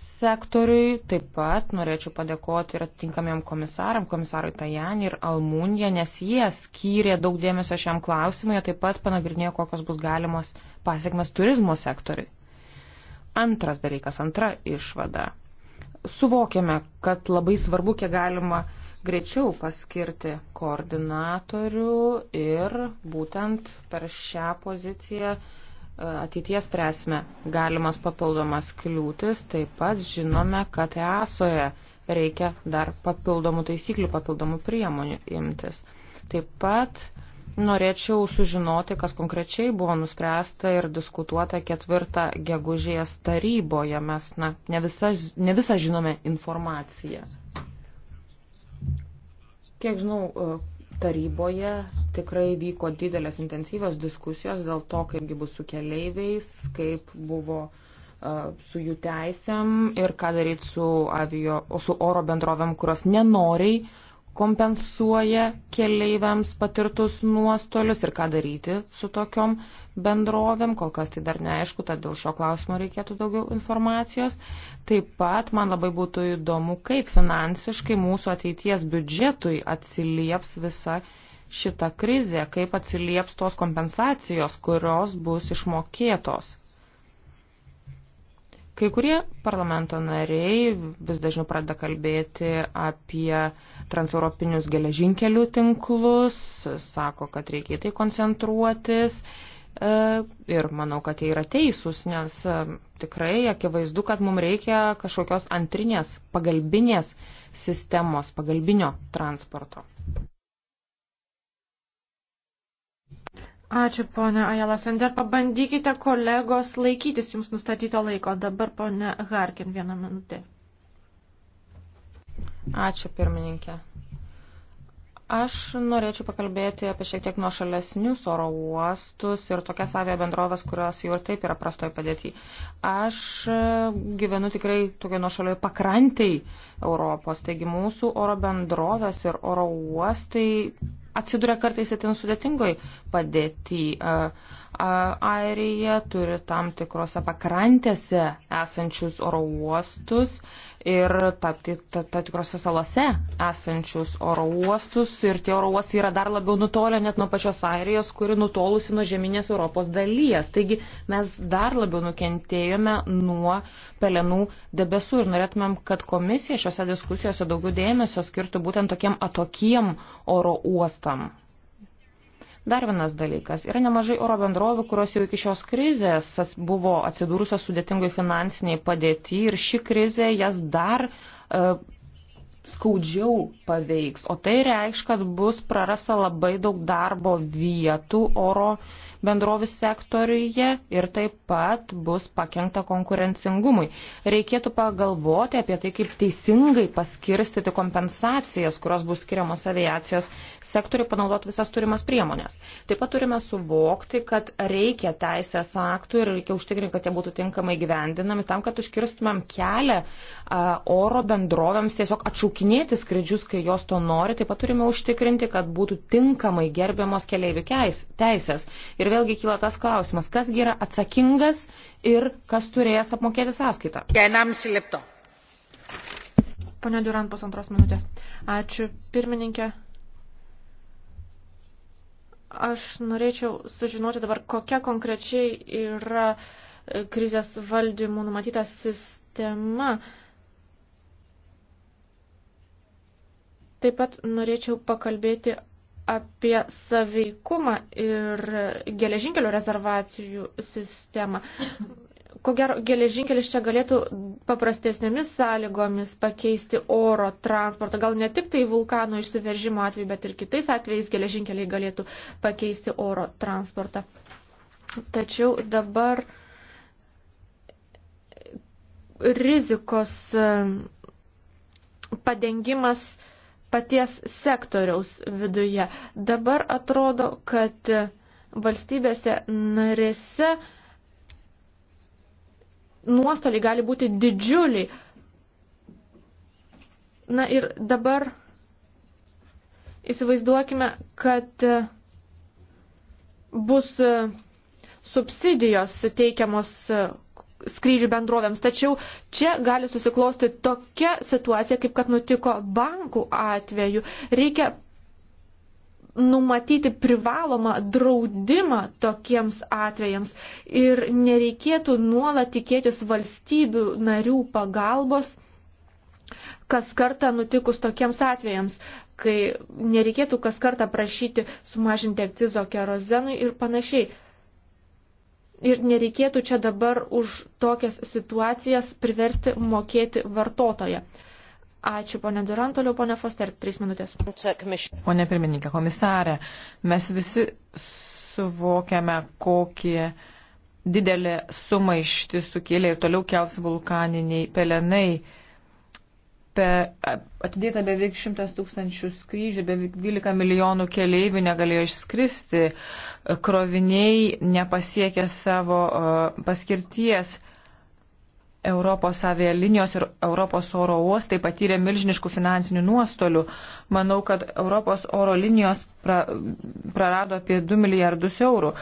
sektoriui. Taip pat norėčiau padėkoti ir atitinkamiem komisaram, komisarui Tajani ir Almunija, nes jie skyrė daug dėmesio šiam klausimui, taip pat panagrinėjo, kokios bus galimos pasiekmes turizmo sektoriui. Antras dalykas, antra išvada. Suvokėme, kad labai svarbu, kiek galima greičiau paskirti koordinatorių ir būtent per šią poziciją uh, ateities presme galimas papildomas kliūtis, taip pat žinome, kad EASOje e reikia dar papildomų taisyklių, papildomų priemonių imtis. Taip pat norėčiau sužinoti, kas konkrečiai buvo nuspręsta ir diskutuota ketvirtą gegužės taryboje. Mes na, ne, visa, ne visą žinome informaciją. Kiek žinau, taryboje tikrai vyko didelės intensyvios diskusijos dėl to, kaipgi bus su keleiviais, kaip buvo uh, su jų teisėm ir ką daryti su, avio, su oro bendrovėm, kurios nenoriai uh, kompensuoja keleiviams patirtus nuostolius ir ką daryti su tokiom bendrovėm, kol kas tai dar neaišku, tad dėl šio klausimo reikėtų daugiau informacijos. Taip pat man labai būtų įdomu, kaip finansiškai mūsų ateities biudžetui atsilieps visa šita krizė, kaip atsilieps tos kompensacijos, kurios bus išmokėtos Kai kurie parlamento nariai vis dažniau pradeda kalbėti apie transeuropinius geležinkelių tinklus, sako, kad reikia į tai koncentruotis. E, ir manau, kad jie yra teisūs, nes e, tikrai akivaizdu, kad mums reikia kažkokios antrinės, pagalbinės sistemos, pagalbinio transporto. Ačiū, ponia Ajala Sender. Pabandykite, kolegos, laikytis jums nustatyto laiko. Dabar, ponia Harkin, vieną minutę. Ačiū, pirmininkė. Aš norėčiau pakalbėti apie šiek tiek nuošalesnius oro uostus ir tokias avia bendrovės, kurios jau ir taip yra prastoje padėtyje. Aš e, gyvenu tikrai tokioje nuošalioje pakrantėje Europos, taigi mūsų oro bendrovės ir oro uostai atsiduria kartais itin sudėtingoj padėti. Airija turi tam tikrose pakrantėse esančius oro uostus ir tapti ta tikrose salose esančius oro uostus. Ir tie oro uostai yra dar labiau nutolę net nuo pačios Airijos, kuri nutolusi nuo žemynės Europos dalies. Taigi mes dar labiau nukentėjome nuo pelenų debesų ir norėtumėm, kad komisija šiuose diskusijose daugiau dėmesio skirtų būtent tokiem atokiem oro uostam. Dar vienas dalykas. Yra nemažai oro bendrovių, kurios jau iki šios krizės buvo atsidūrusios sudėtingai finansiniai padėti ir ši krizė jas dar uh, skaudžiau paveiks. O tai reikš, kad bus prarasta labai daug darbo vietų oro bendrovių bendrovių sektoriuje ir taip pat bus pakengta konkurencingumui. Reikėtų pagalvoti apie tai, kaip teisingai paskirstyti kompensacijas, kurios bus skiriamos aviacijos sektoriui, panaudoti visas turimas priemonės. Taip pat turime suvokti, kad reikia teisės aktų ir reikia užtikrinti, kad jie būtų tinkamai gyvendinami tam, kad užkirstumėm kelią a, oro bendrovėms tiesiog atšaukinėti skrydžius, kai jos to nori. Taip pat turime užtikrinti, kad būtų tinkamai gerbiamos keliaivių teisės. Ir Ir vėlgi kyla tas klausimas, kas yra atsakingas ir kas turėjęs apmokėti sąskaitą. Pane Durant, pusantros minutės. Ačiū, pirmininkė. Aš norėčiau sužinoti dabar, kokia konkrečiai yra e, krizės valdymų numatyta sistema. Taip pat norėčiau pakalbėti apie saveikumą ir geležinkelio rezervacijų sistemą. Ko gero, geležinkelis čia galėtų paprastesnėmis sąlygomis pakeisti oro transportą. Gal ne tik tai vulkano išsiveržimo atveju, bet ir kitais atvejais geležinkeliai galėtų pakeisti oro transportą. Tačiau dabar rizikos e, padengimas paties sektoriaus viduje. Dabar atrodo, kad valstybėse narėse nuostoliai gali būti didžiuliai. Na ir dabar įsivaizduokime, kad bus subsidijos teikiamos skrydžių bendrovėms. Tačiau čia gali susiklosti tokia situacija, kaip kad nutiko bankų atveju. Reikia numatyti privalomą draudimą tokiems atvejams ir nereikėtų nuolat tikėtis valstybių narių pagalbos kas kartą nutikus tokiems atvejams, kai nereikėtų kas kartą prašyti sumažinti akcizo kerozenui ir panašiai ir nereikėtų čia dabar už tokias situacijas priversti mokėti vartotoje. Ačiū, ponė Durant, toliau ponė Foster, trys minutės. Pone pirmininkė, komisarė, mes visi suvokiame, kokie didelė sumaišti sukėlė ir toliau kels vulkaniniai pelenai pe, atidėta beveik 100 tūkstančių skrydžių, beveik 12 milijonų keleivių negalėjo išskristi, kroviniai nepasiekė savo paskirties. Europos avialinijos ir Europos oro uostai patyrė milžiniškų finansinių nuostolių. Manau, kad Europos oro linijos pra, prarado apie 2 milijardus eurų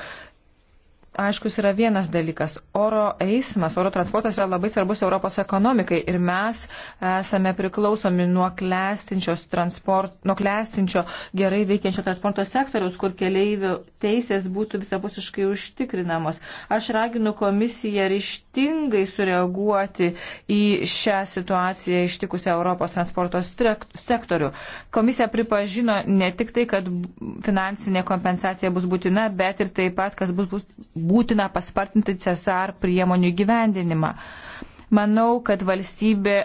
aiškus yra vienas dalykas. Oro eismas, oro transportas yra labai svarbus Europos ekonomikai ir mes esame priklausomi nuo klestinčio, nuo klestinčio gerai veikiančio transporto sektoriaus, kur keleivių teisės būtų visapusiškai užtikrinamos. Aš raginu komisiją ryštingai sureaguoti į šią situaciją ištikusią Europos transporto sektorių. Komisija pripažino ne tik tai, kad finansinė kompensacija bus būtina, bet ir taip pat, kas bus, bus būtina paspartinti CSR priemonių gyvendinimą. Manau, kad valstybė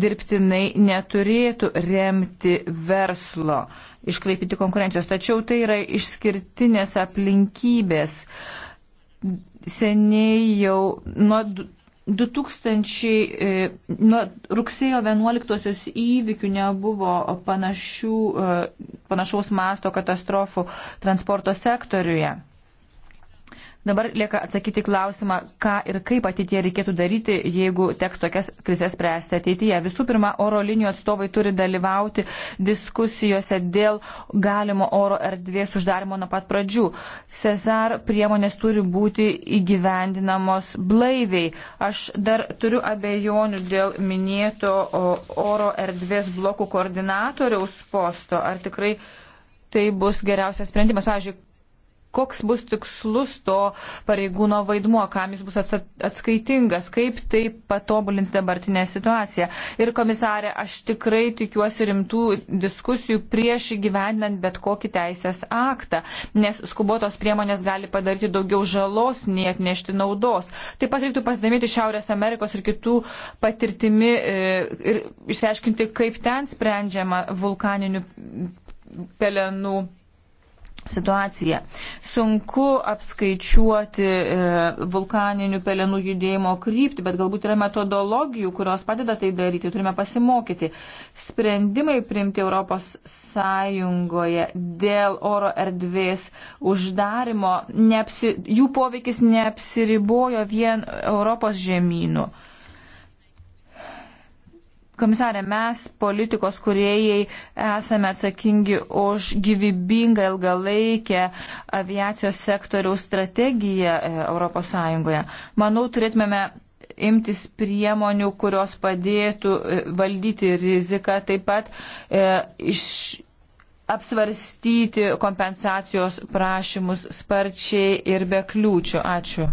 dirbtinai neturėtų remti verslo, iškreipyti konkurencijos, tačiau tai yra išskirtinės aplinkybės. Seniai jau nuo 2000, e, nuo rugsėjo 11 įvykių nebuvo panašių, e, panašaus masto katastrofų transporto sektoriuje. Dabar lieka atsakyti klausimą, ką ir kaip ateitie reikėtų daryti, jeigu teks tokias krizės spręsti ateityje. Visų pirma, oro linijų atstovai turi dalyvauti diskusijose dėl galimo oro erdvės uždarimo nuo pat pradžių. Cezar priemonės turi būti įgyvendinamos blaiviai. Aš dar turiu abejonių dėl minėto oro erdvės blokų koordinatoriaus posto. Ar tikrai tai bus geriausias sprendimas. Pavyzdžiui, koks bus tikslus to pareigūno vaidmuo, kam jis bus atskaitingas, kaip tai patobulins dabartinę situaciją. Ir komisarė, aš tikrai tikiuosi rimtų diskusijų prieš įgyvendinant bet kokį teisės aktą, nes skubotos priemonės gali padaryti daugiau žalos, nei atnešti naudos. Taip pat reiktų pasidomėti Šiaurės Amerikos ir kitų patirtimi e, ir išsiaiškinti, kaip ten sprendžiama vulkaninių pelenų situaciją. Sunku apskaičiuoti e, vulkaninių pelenų judėjimo kryptį, bet galbūt yra metodologijų, kurios padeda tai daryti, turime pasimokyti. Sprendimai priimti Europos Sąjungoje dėl oro erdvės uždarimo, neapsi, jų poveikis neapsiribojo vien Europos žemynų. Komisarė, mes politikos kuriejai esame atsakingi už gyvybingą ilgalaikę aviacijos sektoriaus strategiją ES. Manau, turėtumėme imtis priemonių, kurios padėtų e, valdyti riziką, taip pat e, iš, apsvarstyti kompensacijos prašymus sparčiai ir be kliūčių. Ačiū.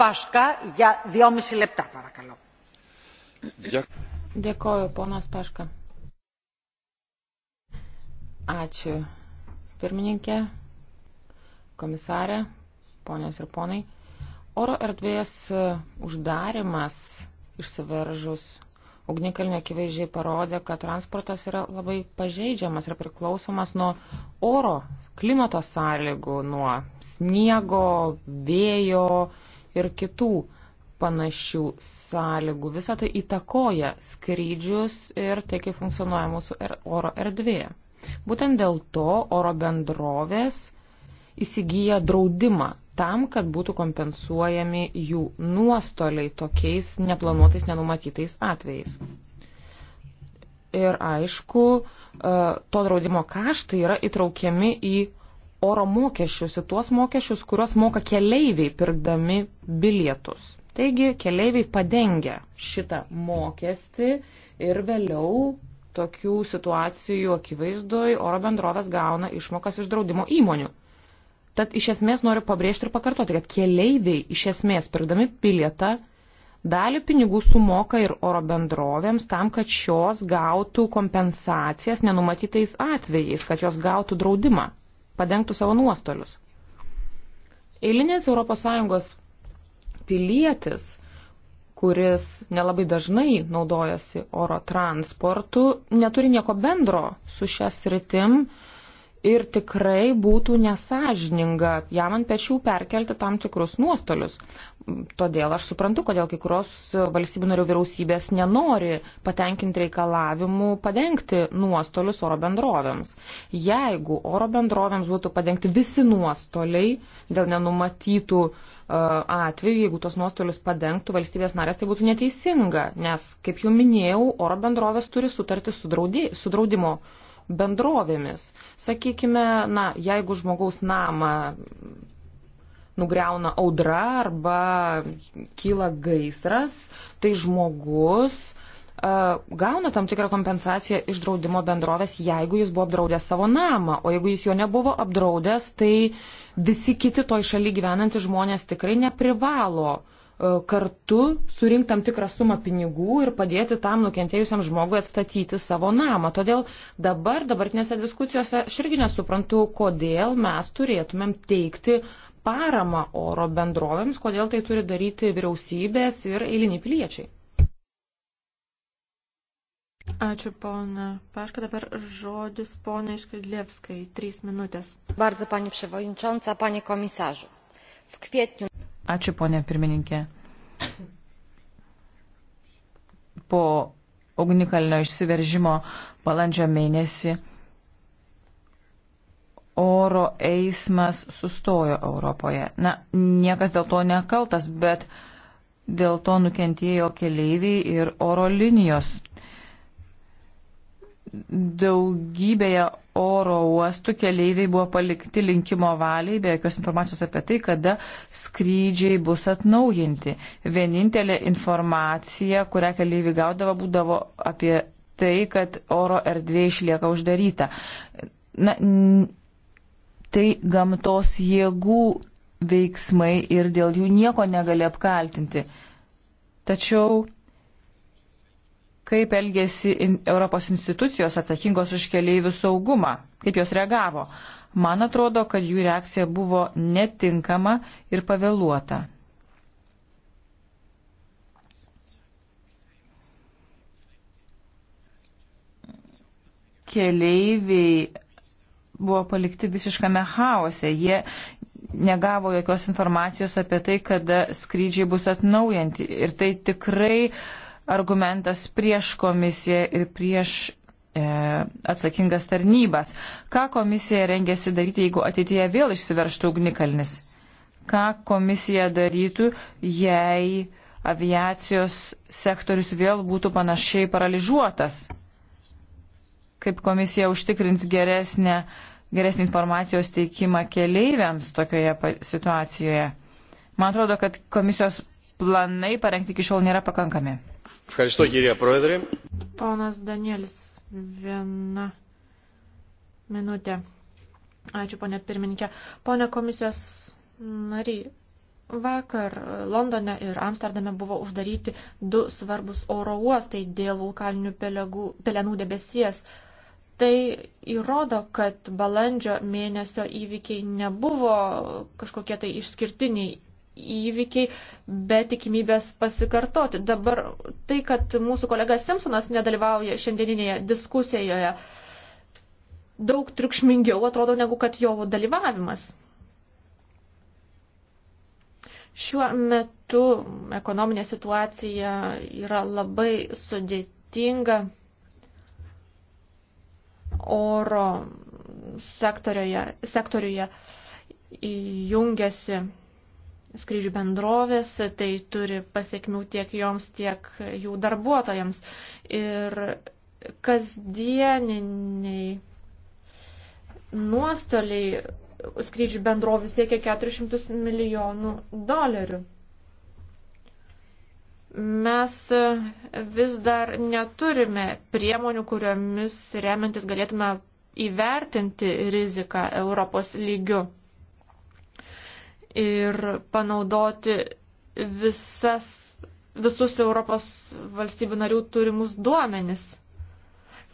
Paška, ja, dviem lepta, parakalo. Dėkui. Dėkoju, ponas Paška. Ačiū. Pirmininkė, komisarė, ponios ir ponai. Oro erdvės e, uždarimas išsiveržus ugnikalnio akivaizdžiai parodė, kad transportas yra labai pažeidžiamas ir priklausomas nuo oro, klimato sąlygų, nuo sniego, vėjo ir kitų panašių sąlygų. Visą tai įtakoja skrydžius ir tai, kaip funkcionuoja mūsų er, oro erdvėje. Būtent dėl to oro bendrovės įsigyja draudimą tam, kad būtų kompensuojami jų nuostoliai tokiais neplanuotais, nenumatytais atvejais. Ir aišku, e, to draudimo kaštai yra įtraukiami į oro mokesčius, į tuos mokesčius, kuriuos moka keleiviai pirkdami bilietus. Taigi keleiviai padengia šitą mokestį ir vėliau tokių situacijų akivaizdoj oro bendrovės gauna išmokas iš draudimo įmonių. Tad iš esmės noriu pabrėžti ir pakartoti, kad keleiviai iš esmės pirkdami pilietą dalį pinigų sumoka ir oro bendrovėms tam, kad šios gautų kompensacijas nenumatytais atvejais, kad jos gautų draudimą, padengtų savo nuostolius. Eilinės ES pilietis, kuris nelabai dažnai naudojasi oro transportu, neturi nieko bendro su šią sritim, uh, ir tikrai būtų nesažininga jam ant pečių perkelti tam tikrus nuostolius. Todėl aš suprantu, kodėl kai kurios valstybių narių vyriausybės nenori patenkinti reikalavimų padengti nuostolius oro bendrovėms. Jeigu oro bendrovėms būtų padengti visi nuostoliai dėl nenumatytų e, atveju, jeigu tos nuostolius padengtų valstybės narės, tai būtų neteisinga, nes, kaip jau minėjau, oro bendrovės turi sutartį su, draudi, su draudimo uh, bendrovėmis. Sakykime, na, jeigu žmogaus namą nugriauna audra arba kyla gaisras, tai žmogus e, gauna tam tikrą kompensaciją iš draudimo bendrovės, jeigu jis buvo apdraudęs savo namą, o jeigu jis jo nebuvo apdraudęs, tai visi kiti toj šaly gyvenantys žmonės tikrai neprivalo uh, E, kartu surinkti tam tikrą sumą pinigų ir padėti tam nukentėjusiam žmogui atstatyti savo namą. Todėl dabar, dabartinėse diskusijose, aš irgi nesuprantu, kodėl mes turėtumėm teikti paramą oro bendrovėms, kodėl tai turi daryti vyriausybės ir eiliniai piliečiai. Ačiū, pana Paška. Dabar žodis ponai Škridlevskai. Trys minutės. Bardzo, pani przewodnicząca, panie komisarzu. W kwietniu. Ačiū, ponė pirmininkė. Po ugnikalnio išsiveržimo balandžio mėnesį oro eismas sustojo Europoje. Na, niekas dėl to nekaltas, bet dėl to nukentėjo keleiviai ir oro linijos daugybėje oro uostų keleiviai buvo palikti linkimo valiai, be jokios informacijos apie tai, kada skrydžiai bus atnaujinti. Vienintelė informacija, kurią keleiviai gaudavo, būdavo apie tai, kad oro erdvė išlieka uždaryta. Na, tai gamtos jėgų veiksmai ir dėl jų nieko negali apkaltinti. Tačiau kaip elgėsi Europos institucijos atsakingos už keleivių saugumą, kaip jos reagavo. Man atrodo, kad jų reakcija buvo netinkama ir pavėluota. Keleiviai buvo palikti visiškame chaose. Jie negavo jokios informacijos apie tai, kada skrydžiai bus atnaujinti. Ir tai tikrai uh, argumentas prieš komisiją ir prieš e, atsakingas tarnybas. Ką komisija rengėsi daryti, jeigu ateityje vėl išsiverštų ugnikalnis? Ką komisija darytų, jei aviacijos sektorius vėl būtų panašiai paralyžiuotas? Kaip komisija užtikrins geresnę, geresnį informacijos teikimą keleiviams tokioje situacijoje? Man atrodo, kad komisijos planai parengti iki šiol nėra pakankami. Ευχαριστώ, κυρία Πρόεδρε. Ponas Danielis, viena minutė. Ačiū, ponė pirmininkė. Pone komisijos nariai, vakar Londone ir Amsterdame buvo uždaryti du svarbus oro uostai dėl vulkaninių pelegų, pelenų debesies. Tai įrodo, kad balandžio mėnesio įvykiai nebuvo kažkokie tai išskirtiniai įvykiai be tikimybės pasikartoti. Dabar tai, kad mūsų kolega Simpsonas nedalyvauja šiandieninėje diskusijoje, daug triukšmingiau atrodo negu kad jo dalyvavimas. Šiuo metu ekonominė situacija yra labai sudėtinga. Oro sektoriuje, sektoriuje jungiasi skrydžių bendrovės, tai turi pasiekmių tiek joms, tiek jų darbuotojams. Ir kasdieniniai nuostoliai skrydžių bendrovės siekia 400 milijonų dolerių. Mes vis dar neturime priemonių, kuriomis remiantis galėtume įvertinti riziką Europos lygiu ir panaudoti visas, visus Europos valstybių narių turimus duomenis.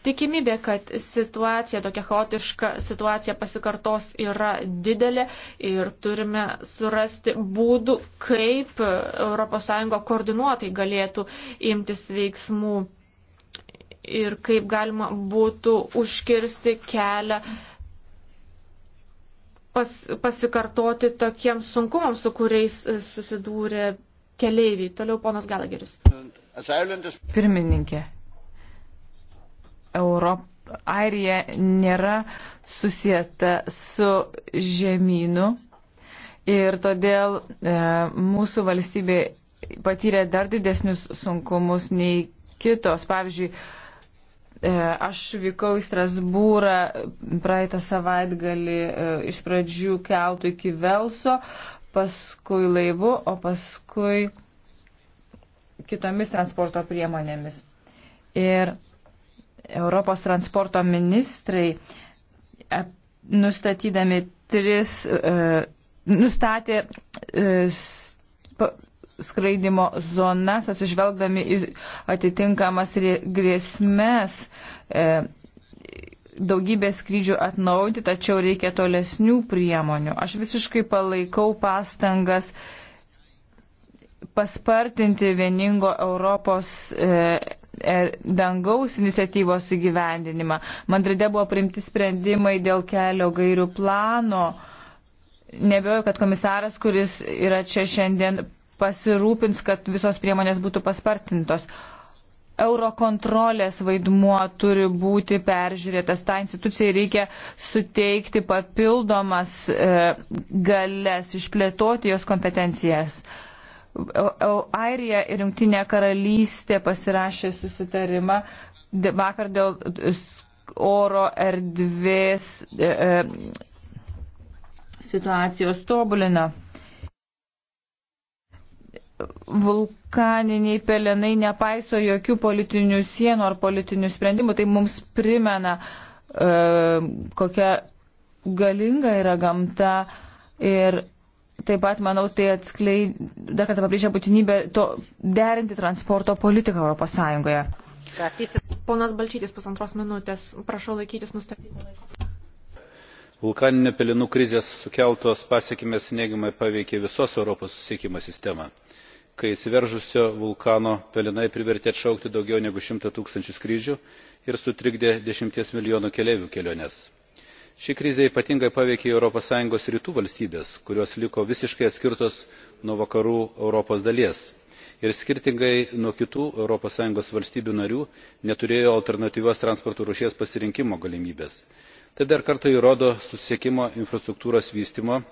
Tikimybė, kad situacija, tokia chaotiška situacija pasikartos yra didelė ir turime surasti būdų, kaip ES koordinuotai galėtų imtis veiksmų ir kaip galima būtų užkirsti kelią uh, pas, pasikartoti tokiems sunkumams, su kuriais e, susidūrė keleiviai. Toliau ponas Galageris. Pirmininkė. Europ... Airija nėra susieta su žemynu ir todėl e, mūsų valstybė patyrė dar didesnius sunkumus nei kitos. Pavyzdžiui, E, aš vykau į Strasbūrą praeitą savaitgalį e, iš pradžių keltų iki Velso, paskui laivu, o paskui kitomis transporto priemonėmis. Ir Europos transporto ministrai e, nustatydami tris, nustatė skraidimo zonas, atsižvelgdami į atitinkamas grėsmės. E, daugybė skrydžių atnaujinti, tačiau reikia tolesnių priemonių. Aš visiškai palaikau pastangas paspartinti vieningo Europos e, e dangaus iniciatyvos įgyvendinimą. Mandride buvo primti sprendimai dėl kelio gairių plano. Nebejoju, kad komisaras, kuris yra čia šiandien, pasirūpins, kad visos priemonės būtų paspartintos. Eurokontrolės vaidmuo turi būti peržiūrėtas. Ta institucijai reikia suteikti papildomas e, galės, išplėtoti jos kompetencijas. Airija ir Junktinė karalystė pasirašė susitarimą vakar dėl oro erdvės e, e situacijos tobulina vulkaniniai pelenai nepaiso jokių politinių sienų ar politinių sprendimų. Tai mums primena, e, kokia galinga yra gamta ir taip pat, manau, tai atskleid, dar kartą pabrėžia būtinybę to derinti transporto politiką Europos Sąjungoje. Ponas Balčytis, pusantros minutės, prašau laikytis nustatytą laiką. Vulkaninė pelinų krizės sukeltos pasiekimės neigiamai paveikė visos Europos susiekimo sistemą kai išsiveržusio vulkano pelenai privertė atšaukti daugiau negu šimtą tūkstančių skrydžių ir sutrikdė dešimties milijonų keleivių keliones. ši krizė ypatingai paveikė europos sąjungos rytų valstybes kurios liko visiškai atskirtos nuo vakarų europos dalies ir skirtingai nuo kitų europos sąjungos valstybių narių neturėjo alternatyvios transporto rūšies pasirinkimo galimybės. tai dar kartą įrodo susisiekimo infrastruktūros vystymo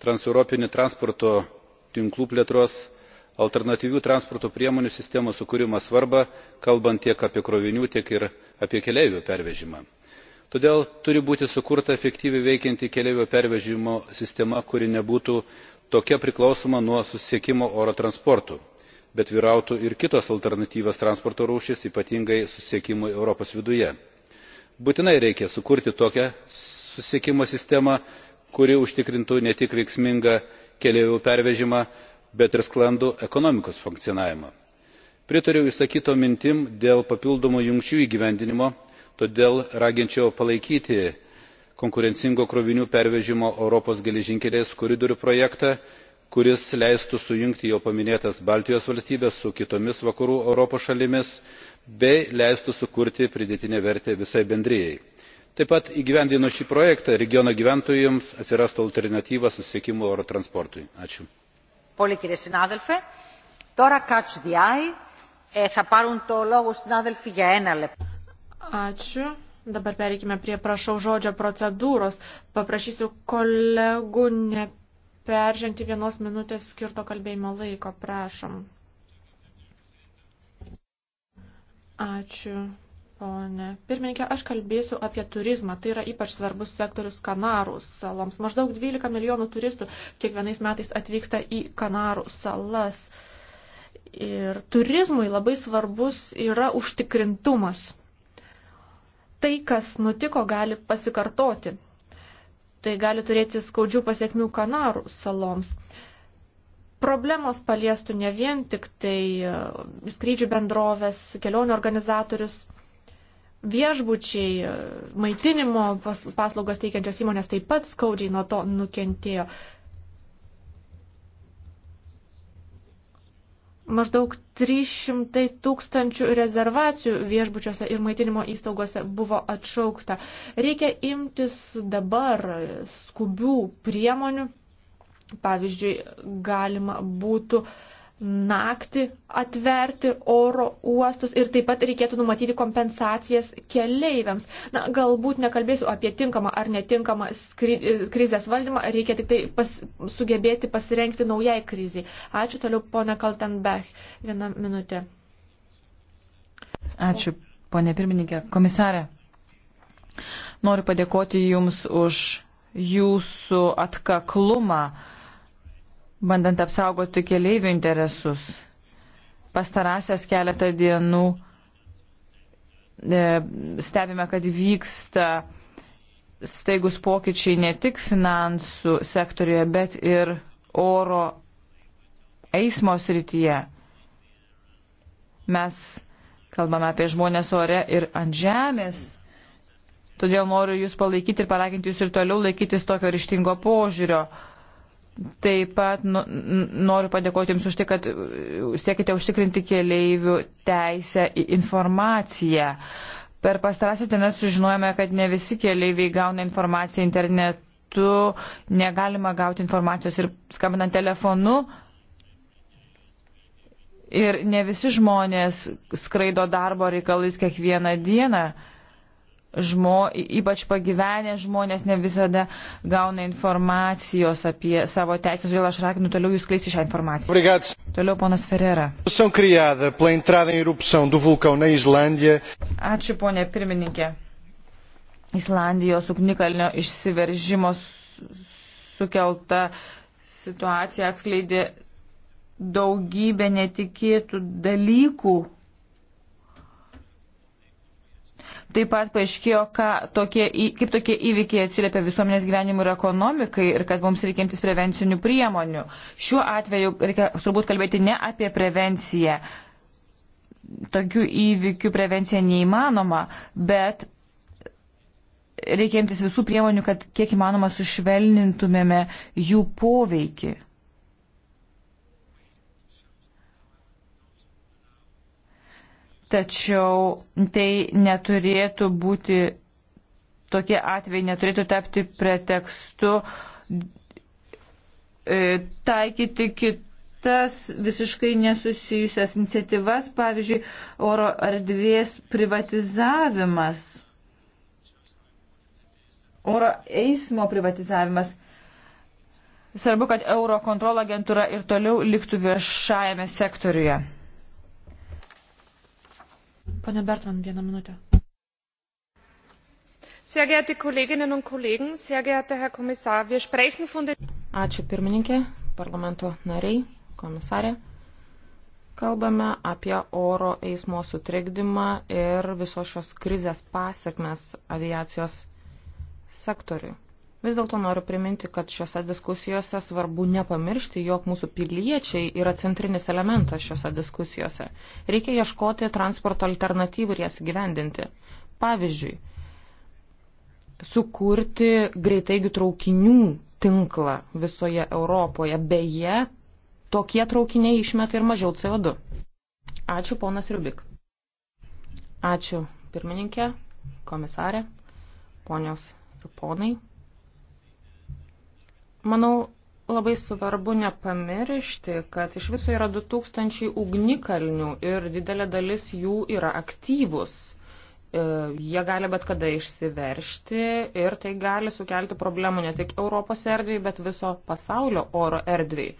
transeuropinių transporto tinklų plėtros alternatyvių transporto priemonių sistemos sukūrimo svarbą kalbant tiek apie krovinių tiek ir apie keleivių pervežimą. todėl turi būti sukurta efektyviai veikianti keleivių pervežimo sistema kuri nebūtų tokia priklausoma nuo susisiekimo oro transportu bet vyrautų ir kitos alternatyvios transporto rūšys ypatingai susisiekimui europos viduje. būtinai reikia sukurti tokią susisiekimo sistemą kuri užtikrintų ne tik veiksmingą keleivių pervežimą bet ir sklandų ekonomikos funkcionavimą. pritariu išsakytoms mintims dėl papildomų jungčių įgyvendinimo todėl raginčiau palaikyti konkurencingo krovinių pervežimo europos geležinkeliais koridorių projektą kuris leistų sujungti jau paminėtas baltijos valstybes su kitomis vakarų europos šalimis bei leistų sukurti pridėtinę vertę visai bendrijai. taip pat įgyvendinus šį projektą regiono gyventojams atsirastų alternatyva susisiekimo oro transportui πολύ κύριε συνάδελφε. Τώρα catch the eye. Ε, θα πάρουν το λόγο συνάδελφοι για ένα λεπτό. Ačiū. Dabar pereikime prie prašau žodžio procedūros. Paprašysiu kolegų neperžengti vienos minutės skirto kalbėjimo laiko. Prašom. Ačiū, Pone pirmininkė, aš kalbėsiu apie turizmą. Tai yra ypač svarbus sektorius Kanarų saloms. Maždaug 12 milijonų turistų kiekvienais metais atvyksta į Kanarų salas. Ir turizmui labai svarbus yra užtikrintumas. Tai, kas nutiko, gali pasikartoti. Tai gali turėti skaudžių pasiekmių Kanarų saloms problemos paliestų ne vien tik tai e, skrydžių bendrovės, kelionių organizatorius, viešbučiai, maitinimo paslaugas teikiančios įmonės taip pat skaudžiai nuo to nukentėjo. Maždaug 300 tūkstančių rezervacijų viešbučiuose ir maitinimo įstaugose buvo atšaukta. Reikia imtis dabar skubių priemonių. Pavyzdžiui, galima būtų uh, naktį atverti oro uostus ir taip pat reikėtų numatyti kompensacijas keleiviams. Na, galbūt nekalbėsiu apie tinkamą ar netinkamą skri, krizės valdymą, reikia tik tai pas, sugebėti pasirenkti naujai kriziai. Ačiū toliau, ponė Kaltenbech. Vieną minutę. Ačiū, ponė pirmininkė. Komisarė, noriu padėkoti Jums už Jūsų atkaklumą bandant apsaugoti keleivių interesus. Pastarąsias keletą dienų e, stebime, kad vyksta staigus pokyčiai ne tik finansų sektorijoje, bet ir oro eismo srityje. Mes kalbame apie žmonės ore ir ant žemės. Todėl noriu Jūs palaikyti ir paraginti Jūs ir toliau laikytis tokio ryštingo požiūrio. Taip pat nu, noriu padėkoti Jums už tai, kad uh, siekite užtikrinti keleivių teisę į informaciją. Per pastarąsias dienas sužinojame, kad ne visi keleiviai gauna informaciją internetu, negalima gauti informacijos ir skambinant telefonu. Ir ne visi žmonės skraido darbo reikalais kiekvieną dieną žmo, ypač pagyvenę žmonės ne visada gauna informacijos apie savo teisės, todėl aš raginu toliau jūs kleisti šią informaciją. Obrigado. Toliau ponas Ferrera. Ačiū ponė pirmininkė. Islandijos ugnikalnio išsiveržimo sukelta situacija atskleidė daugybę netikėtų dalykų Taip pat paaiškėjo, tokie, kaip tokie įvykiai atsiliepia visuomenės gyvenimui ir ekonomikai ir kad mums reikia imtis prevencinių priemonių. Šiuo atveju reikia turbūt kalbėti ne apie prevenciją. Tokių įvykių prevencija neįmanoma, bet reikia imtis visų priemonių, kad kiek įmanoma sušvelnintumėme jų poveikį. tačiau tai neturėtų būti, tokie atvejai neturėtų tapti pretekstu e, taikyti kitas visiškai nesusijusias iniciatyvas, pavyzdžiui, oro erdvės privatizavimas, oro eismo privatizavimas. Svarbu, kad Eurokontrol agentūra ir toliau liktų viešajame sektoriuje. Pone Bertman, vieną minutę. Sehr geehrte Kolleginnen und Kollegen, sehr geehrter Herr Kommissar, wir sprechen von den. Ačiū pirmininkė, parlamento nariai, komisarė. Kalbame apie oro eismo sutrikdymą ir visos šios krizės pasiekmes aviacijos sektoriui. Vis dėlto noriu priminti, kad šiuose diskusijose svarbu nepamiršti, jog mūsų piliečiai yra centrinis elementas šiuose diskusijose. Reikia ieškoti transporto alternatyvų ir jas gyvendinti. Pavyzdžiui, sukurti greitaigių traukinių tinklą visoje Europoje. Beje, tokie traukiniai išmeta ir mažiau CO2. Ačiū, ponas Rubik. Ačiū, pirmininkė, komisarė, ponios ir ponai. Manau, labai svarbu nepamiršti, kad iš viso yra 2000 ugnikalnių ir didelė dalis jų yra aktyvus. E, jie gali bet kada išsiveršti ir tai gali sukelti problemų ne tik Europos erdvėjai, bet viso pasaulio oro erdvėjai.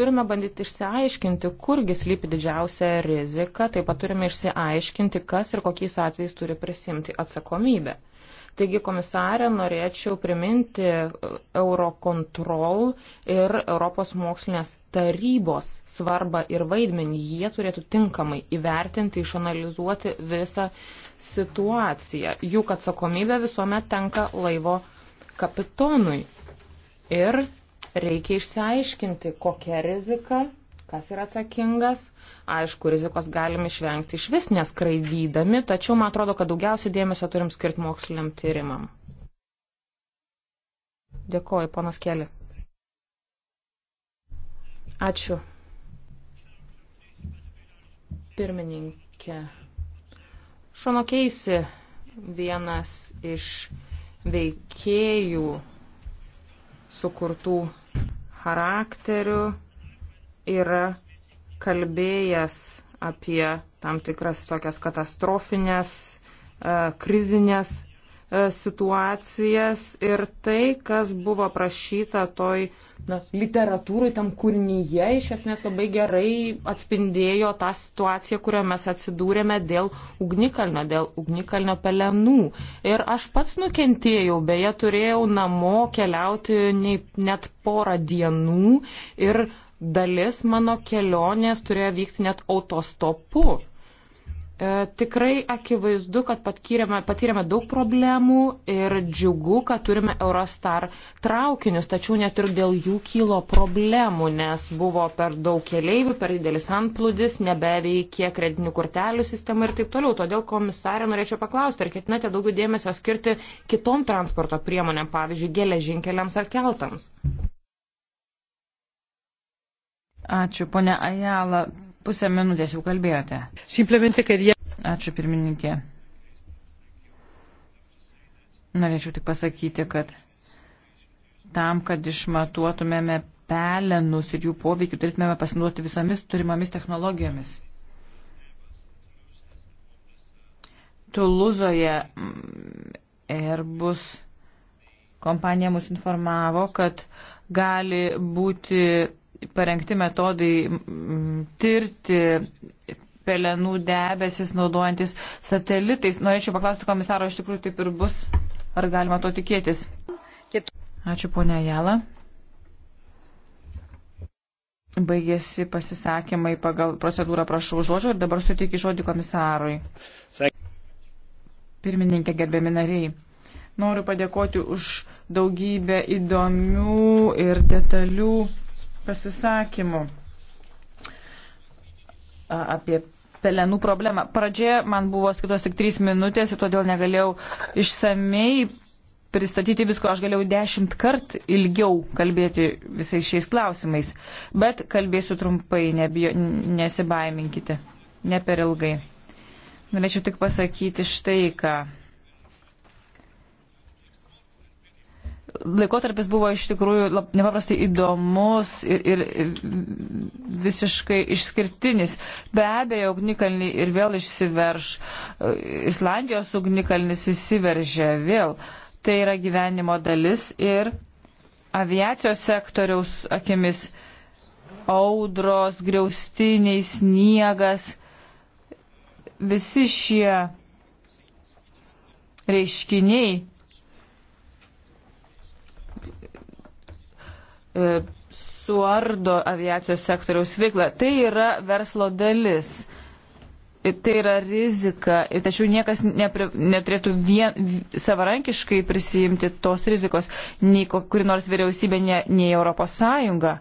Turime bandyti išsiaiškinti, kurgi slypi didžiausia rizika, taip pat turime išsiaiškinti, kas ir kokiais atvejais turi prisimti atsakomybę. Taigi, komisarė, norėčiau priminti e, Eurocontrol ir Europos mokslinės tarybos svarbą ir vaidmenį. Jie turėtų tinkamai įvertinti, išanalizuoti visą situaciją. Juk atsakomybė visuomet tenka laivo kapitonui. Ir reikia išsiaiškinti, kokia rizika kas yra atsakingas. Aišku, rizikos galim išvengti iš vis neskraidydami, tačiau man atrodo, kad daugiausiai dėmesio turim skirti moksliniam tyrimam. Dėkoju, ponas Keli. Ačiū. Pirmininkė. Šonokeisi vienas iš veikėjų sukurtų charakterių yra kalbėjęs apie tam tikras tokias katastrofinės, e, krizinės e, situacijas ir tai, kas buvo prašyta toj na, literatūrai, tam kūrinyje, iš esmės labai gerai atspindėjo tą situaciją, kurioje mes atsidūrėme dėl ugnikalnio, dėl ugnikalnio pelenų. Ir aš pats nukentėjau, beje, turėjau namo keliauti nei, net porą dienų ir dalis mano kelionės turėjo vykti net autostopu. E, tikrai akivaizdu, kad patyrėme, patyrėme daug problemų ir džiugu, kad turime Eurostar traukinius, tačiau net ir dėl jų kilo problemų, nes buvo per daug keleivių, per didelis antplūdis, nebeveikė kreditinių kortelių sistema ir taip toliau. Todėl komisarė norėčiau paklausti, ar ketinate daugiau dėmesio skirti kitom transporto priemonėm, pavyzdžiui, geležinkeliams ar keltams? Ačiū, ponia Ajala. Pusę minutės jau kalbėjote. Ačiū, pirmininkė. Norėčiau tik pasakyti, kad tam, kad išmatuotumėme pelenus ir jų poveikį, turėtumėme pasinaudoti visomis turimomis technologijomis. Tuluzoje mm, Airbus kompanija mus informavo, kad gali būti parengti metodai tirti pelenų debesis naudojantis satelitais. Norėčiau paklausti komisaro, iš tikrųjų taip ir bus. Ar galima to tikėtis? Ačiū ponia Jala. Baigėsi pasisakymai pagal procedūrą prašau žodžio ir dabar suteikiu žodį komisarui. Pirmininkė gerbėmi nariai. Noriu padėkoti už daugybę įdomių ir detalių pasisakymų apie pelenų problemą. Pradžioje man buvo skirtos tik trys minutės ir todėl negalėjau išsamei pristatyti visko, aš galėjau dešimt kart ilgiau kalbėti visais šiais klausimais, bet kalbėsiu trumpai, nebijo, nesibaiminkite, ne per ilgai. Norėčiau tik pasakyti štai ką. laikotarpis buvo iš tikrųjų lab, nepaprastai įdomus ir, ir visiškai išskirtinis. Be abejo, ugnikalniai ir vėl išsiverš. Islandijos ugnikalnis įsiveržė vėl. Tai yra gyvenimo dalis ir aviacijos sektoriaus akimis audros, griaustiniai, sniegas, visi šie reiškiniai E, suardo aviacijos sektoriaus veiklą. Tai yra verslo dalis. E, tai yra rizika, e, tačiau niekas nepri, neturėtų vien, savarankiškai prisijimti tos rizikos, nei kuri nors vyriausybė, nei, nei Europos Sąjunga.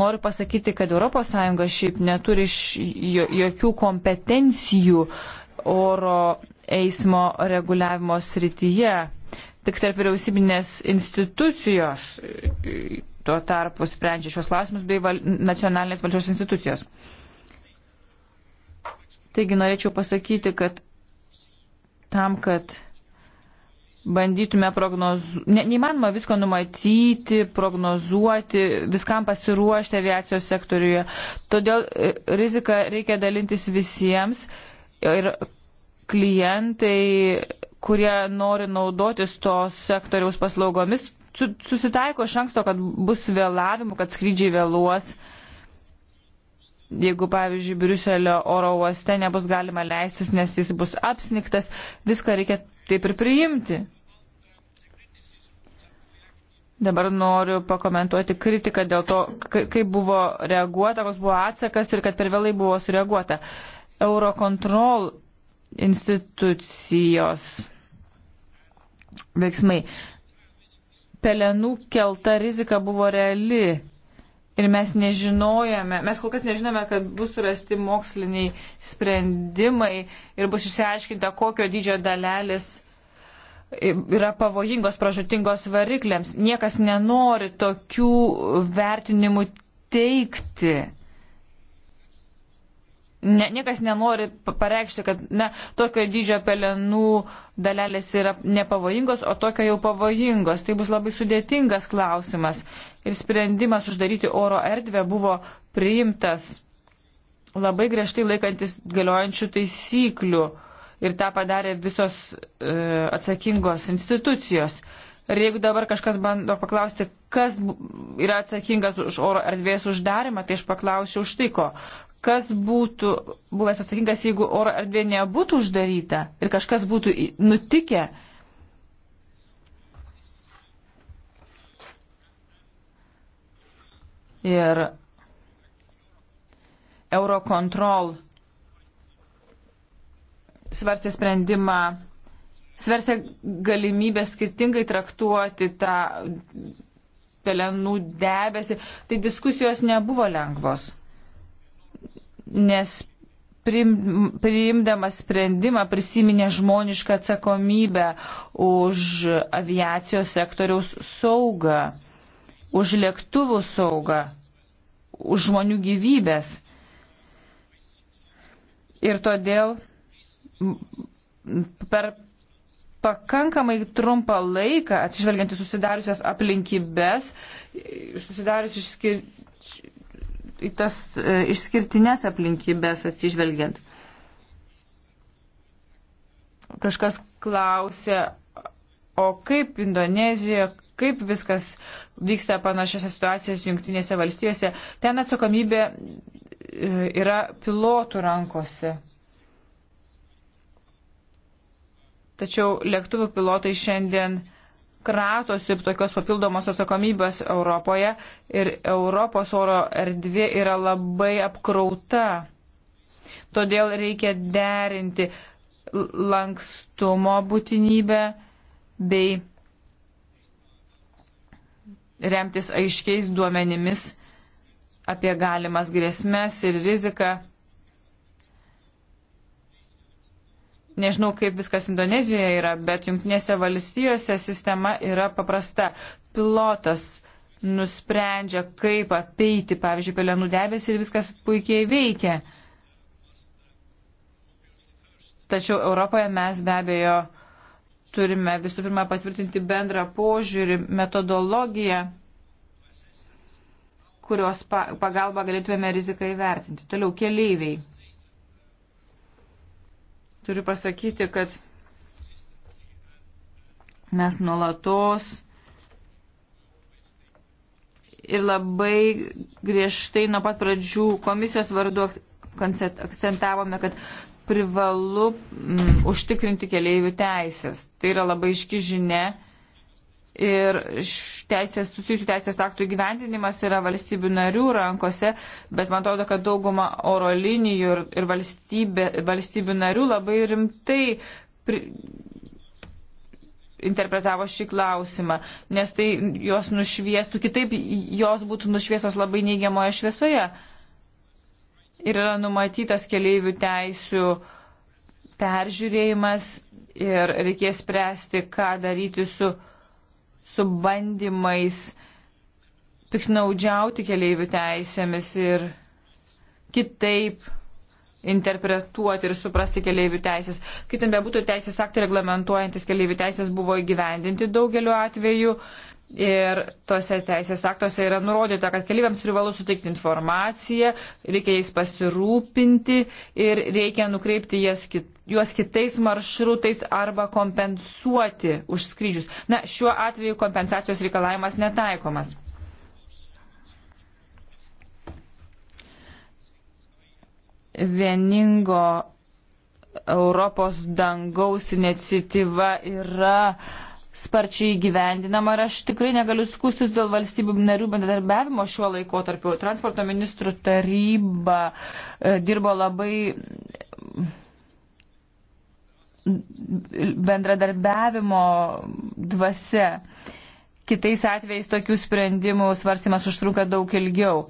Noriu pasakyti, kad ES šiaip neturi jokių kompetencijų oro eismo reguliavimo srityje. Tik tarp vyriausybinės institucijos tuo tarpu sprendžia šios klausimus bei val, nacionalinės valdžios institucijos. Taigi norėčiau pasakyti, kad tam, kad bandytume prognozuoti, ne, neįmanoma visko numatyti, prognozuoti, viskam pasiruošti aviacijos sektoriuje. Todėl e, riziką reikia dalintis visiems ir klientai kurie nori naudotis tos sektoriaus paslaugomis, susitaiko iš anksto, kad bus vėlavimų, kad skrydžiai vėluos. Jeigu, pavyzdžiui, Briuselio oro uoste nebus galima leistis, nes jis bus apsniktas, viską reikia taip ir priimti. Dabar noriu pakomentuoti kritiką dėl to, kaip buvo reaguota, koks buvo atsakas ir kad per vėlai buvo sureaguota. Eurocontrol institucijos veiksmai pelenų kelta rizika buvo reali. Ir mes nežinojame, mes kol kas nežinome, kad bus surasti moksliniai sprendimai ir bus išsiaiškinta, kokio dydžio dalelis yra pavojingos, pražutingos varikliams. Niekas nenori tokių vertinimų teikti ne, niekas nenori pareikšti, kad ne, tokio dydžio pelenų dalelės yra nepavojingos, o tokio jau pavojingos. Tai bus labai sudėtingas klausimas. Ir sprendimas uždaryti oro erdvę buvo priimtas labai griežtai laikantis galiojančių taisyklių. Ir tą padarė visos e, atsakingos institucijos. Ir jeigu dabar kažkas bando paklausti, kas yra atsakingas už oro erdvės uždarimą, tai aš paklausiu už tai, ko kas būtų buvęs atsakingas, jeigu oro erdvė nebūtų uždaryta ir kažkas būtų nutikę. Ir Eurocontrol svarstė sprendimą, svarstė galimybę skirtingai traktuoti tą pelenų debesį, tai diskusijos nebuvo lengvos nes priimdamas sprendimą prisiminė žmonišką atsakomybę už aviacijos sektoriaus saugą, už lėktuvų saugą, už žmonių gyvybės. Ir todėl per pakankamai trumpą laiką, atsižvelgiant į susidariusias aplinkybės, susidarius išskir į tas e, išskirtinės aplinkybės atsižvelgiant. Kažkas klausė, o kaip Indonezijoje, kaip viskas vyksta panašiose situacijose Junktinėse valstijose, ten atsakomybė e, yra pilotų rankose. Tačiau lėktuvų pilotai šiandien uh, kratosi tokios papildomos atsakomybės Europoje ir Europos oro erdvė yra labai apkrauta. Todėl reikia derinti lankstumo būtinybę bei remtis aiškiais duomenimis apie galimas grėsmes ir riziką Nežinau, kaip viskas Indonezijoje yra, bet jungtinėse valstijose sistema yra paprasta. Pilotas nusprendžia, kaip apeiti, pavyzdžiui, pelenų debesį ir viskas puikiai veikia. Tačiau Europoje mes be abejo turime visų pirma patvirtinti bendrą požiūrį, metodologiją, kurios pagalba galėtume riziką įvertinti. Toliau keleiviai. Turiu pasakyti, kad mes nuolatos ir labai griežtai nuo pat pradžių komisijos vardu akcentavome, kad privalu mm, užtikrinti keleivių teisės. Tai yra labai iški žinia ir teisės, susijusių teisės aktų įgyvendinimas yra valstybių narių rankose, bet man atrodo, kad dauguma oro linijų ir, ir valstybė, valstybių narių labai rimtai pri, interpretavo šį klausimą, nes tai jos nušviestų, kitaip jos būtų nušviesos labai neigiamoje šviesoje. Ir yra numatytas keleivių teisių peržiūrėjimas ir reikės spręsti, ką daryti su su bandymais piknaudžiauti keleivių teisėmis ir kitaip interpretuoti ir suprasti keleivių teisės. Kaip ten bebūtų, teisės aktai reglamentuojantis keleivių teisės buvo įgyvendinti daugeliu atveju. Uh, Ir tose teisės aktuose yra nurodyta, kad keliaiviams privalu suteikti informaciją, reikia jais pasirūpinti ir reikia nukreipti kit, juos kitais maršrutais arba kompensuoti už skrydžius. Na, šiuo atveju kompensacijos reikalavimas netaikomas. Vieningo Europos dangaus iniciatyva yra sparčiai gyvendinama ir aš tikrai negaliu skusis dėl valstybių narių bendradarbiavimo šiuo laikotarpiu. Transporto ministrų taryba e, dirbo labai mm, bendradarbiavimo dvasia. Kitais atvejais tokių sprendimų svarstymas užtruka daug ilgiau.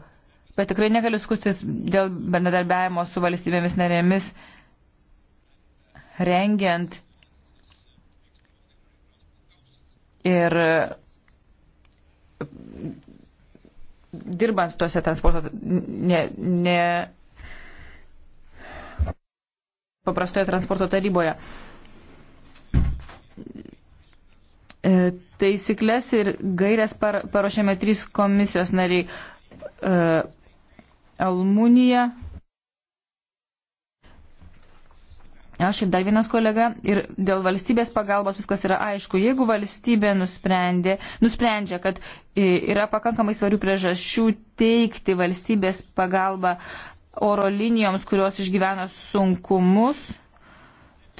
Bet tikrai negaliu skustis dėl bendradarbiavimo su valstybėmis narėmis rengiant Ir dirbant tuose transporto ne, ne paprastoje transporto taryboje. E, taisyklės ir gairės par, paruošėme trys komisijos nariai. E, Almunija, Aš ir dar vienas kolega ir dėl valstybės pagalbos viskas yra aišku. Jeigu valstybė nusprendė, nusprendžia, kad e, yra pakankamai svarių priežasčių teikti valstybės pagalbą oro linijoms, kurios išgyvena sunkumus,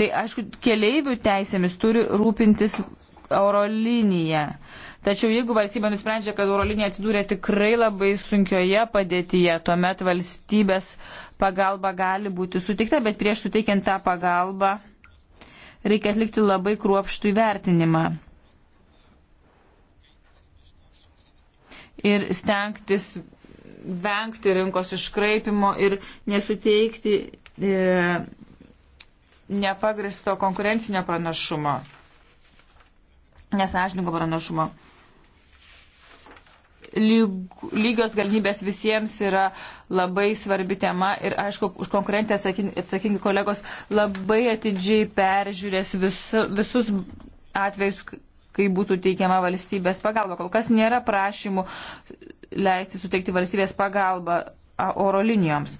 tai aišku, keleivių teisėmis turi rūpintis Eurolinija. Tačiau jeigu valstybė nusprendžia, kad Eurolinija atsidūrė tikrai labai sunkioje padėtyje, tuomet valstybės pagalba gali būti suteikta, bet prieš suteikiant tą pagalbą reikia atlikti labai kruopštų įvertinimą. Ir stengtis vengti rinkos iškraipimo ir nesuteikti e, nepagristo konkurencinio pranašumo nesažininko pranašumo. Lyg, lygios galimybės visiems yra labai svarbi tema ir, aišku, už konkurentę atsakingi kolegos labai atidžiai peržiūrės vis, visus atvejus, kai būtų teikiama valstybės pagalba. Kol kas nėra prašymų leisti suteikti valstybės pagalbą oro linijoms.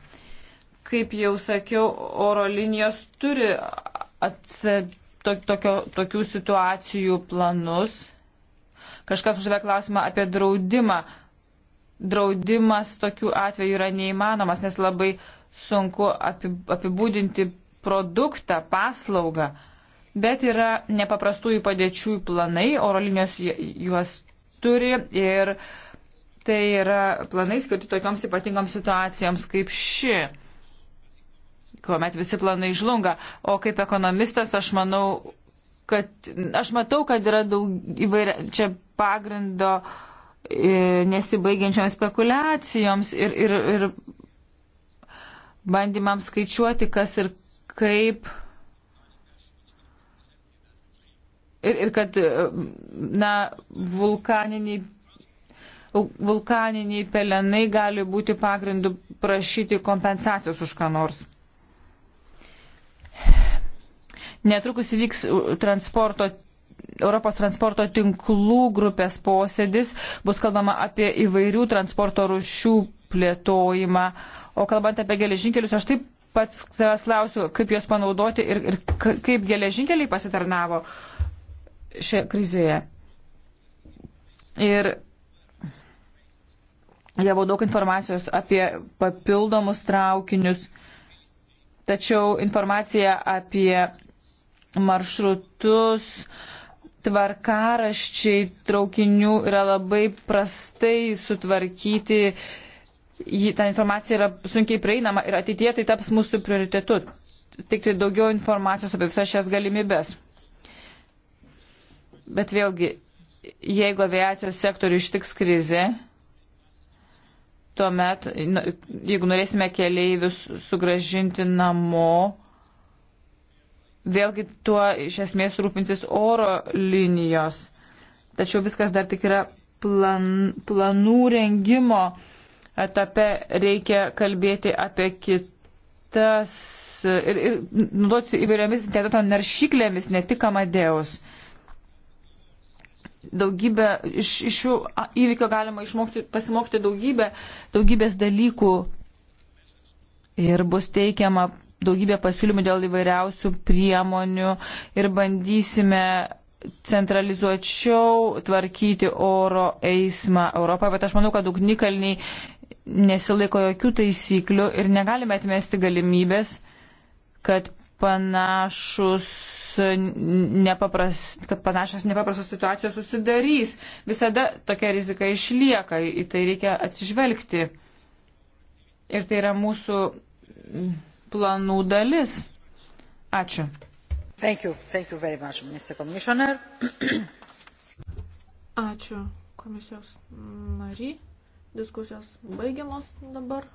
Kaip jau sakiau, oro linijos turi atsakyti to, tokio, tokių situacijų planus. Kažkas uždavė klausimą apie draudimą. Draudimas tokių atvejų yra neįmanomas, nes labai sunku apibūdinti produktą, paslaugą. Bet yra nepaprastųjų padėčių planai, oro linijos juos turi ir tai yra planai skirti tokioms ypatingoms situacijoms kaip ši kuomet visi planai žlunga. O kaip ekonomistas aš manau, kad aš matau, kad yra daug įvairia, čia pagrindo e, nesibaigiančioms spekulacijoms ir, ir, ir bandymams skaičiuoti, kas ir kaip. Ir, ir kad, e, na, vulkaniniai vulkaniniai pelenai gali būti pagrindu prašyti kompensacijos už ką nors. Netrukus vyks uh, transporto Europos transporto tinklų grupės posėdis, bus kalbama apie įvairių transporto rušių plėtojimą. O kalbant apie geležinkelius, aš taip pats savęs klausiu, kaip juos panaudoti ir, ir kaip geležinkeliai pasitarnavo šioje krizėje. Ir jie buvo daug informacijos apie papildomus traukinius, tačiau informacija apie maršrutus, tvarkaraščiai traukinių yra labai prastai sutvarkyti. Jį, ta informacija yra sunkiai prieinama ir ateitie tai taps mūsų prioritetu. Tik tai daugiau informacijos apie visas šias galimybės. Bet vėlgi, jeigu aviacijos sektorių ištiks krizė, tuomet, nu, jeigu norėsime keleivius sugražinti namo, Vėlgi tuo iš esmės rūpinsis oro linijos. Tačiau viskas dar tik yra plan, planų rengimo etape. Reikia kalbėti apie kitas ir, ir naudotis įvairiomis interneto naršyklėmis, ne tik amadėjus daugybę, iš, iš šių įvykio galima išmokti, pasimokti daugybę, daugybės dalykų ir bus teikiama daugybę pasiūlymų dėl įvairiausių priemonių ir bandysime centralizuočiau tvarkyti oro eismą Europoje, bet aš manau, kad ugnikalniai nesilaiko jokių taisyklių ir negalime atmesti galimybės, kad panašus nepapras, kad panašios nepaprastos situacijos susidarys. Visada tokia rizika išlieka, į tai reikia atsižvelgti. Ir tai yra mūsų planų dalis. Ačiū. Thank you. Thank you very much, Mr. Commissioner. Ačiū komisijos nary. Diskusijos baigiamos dabar.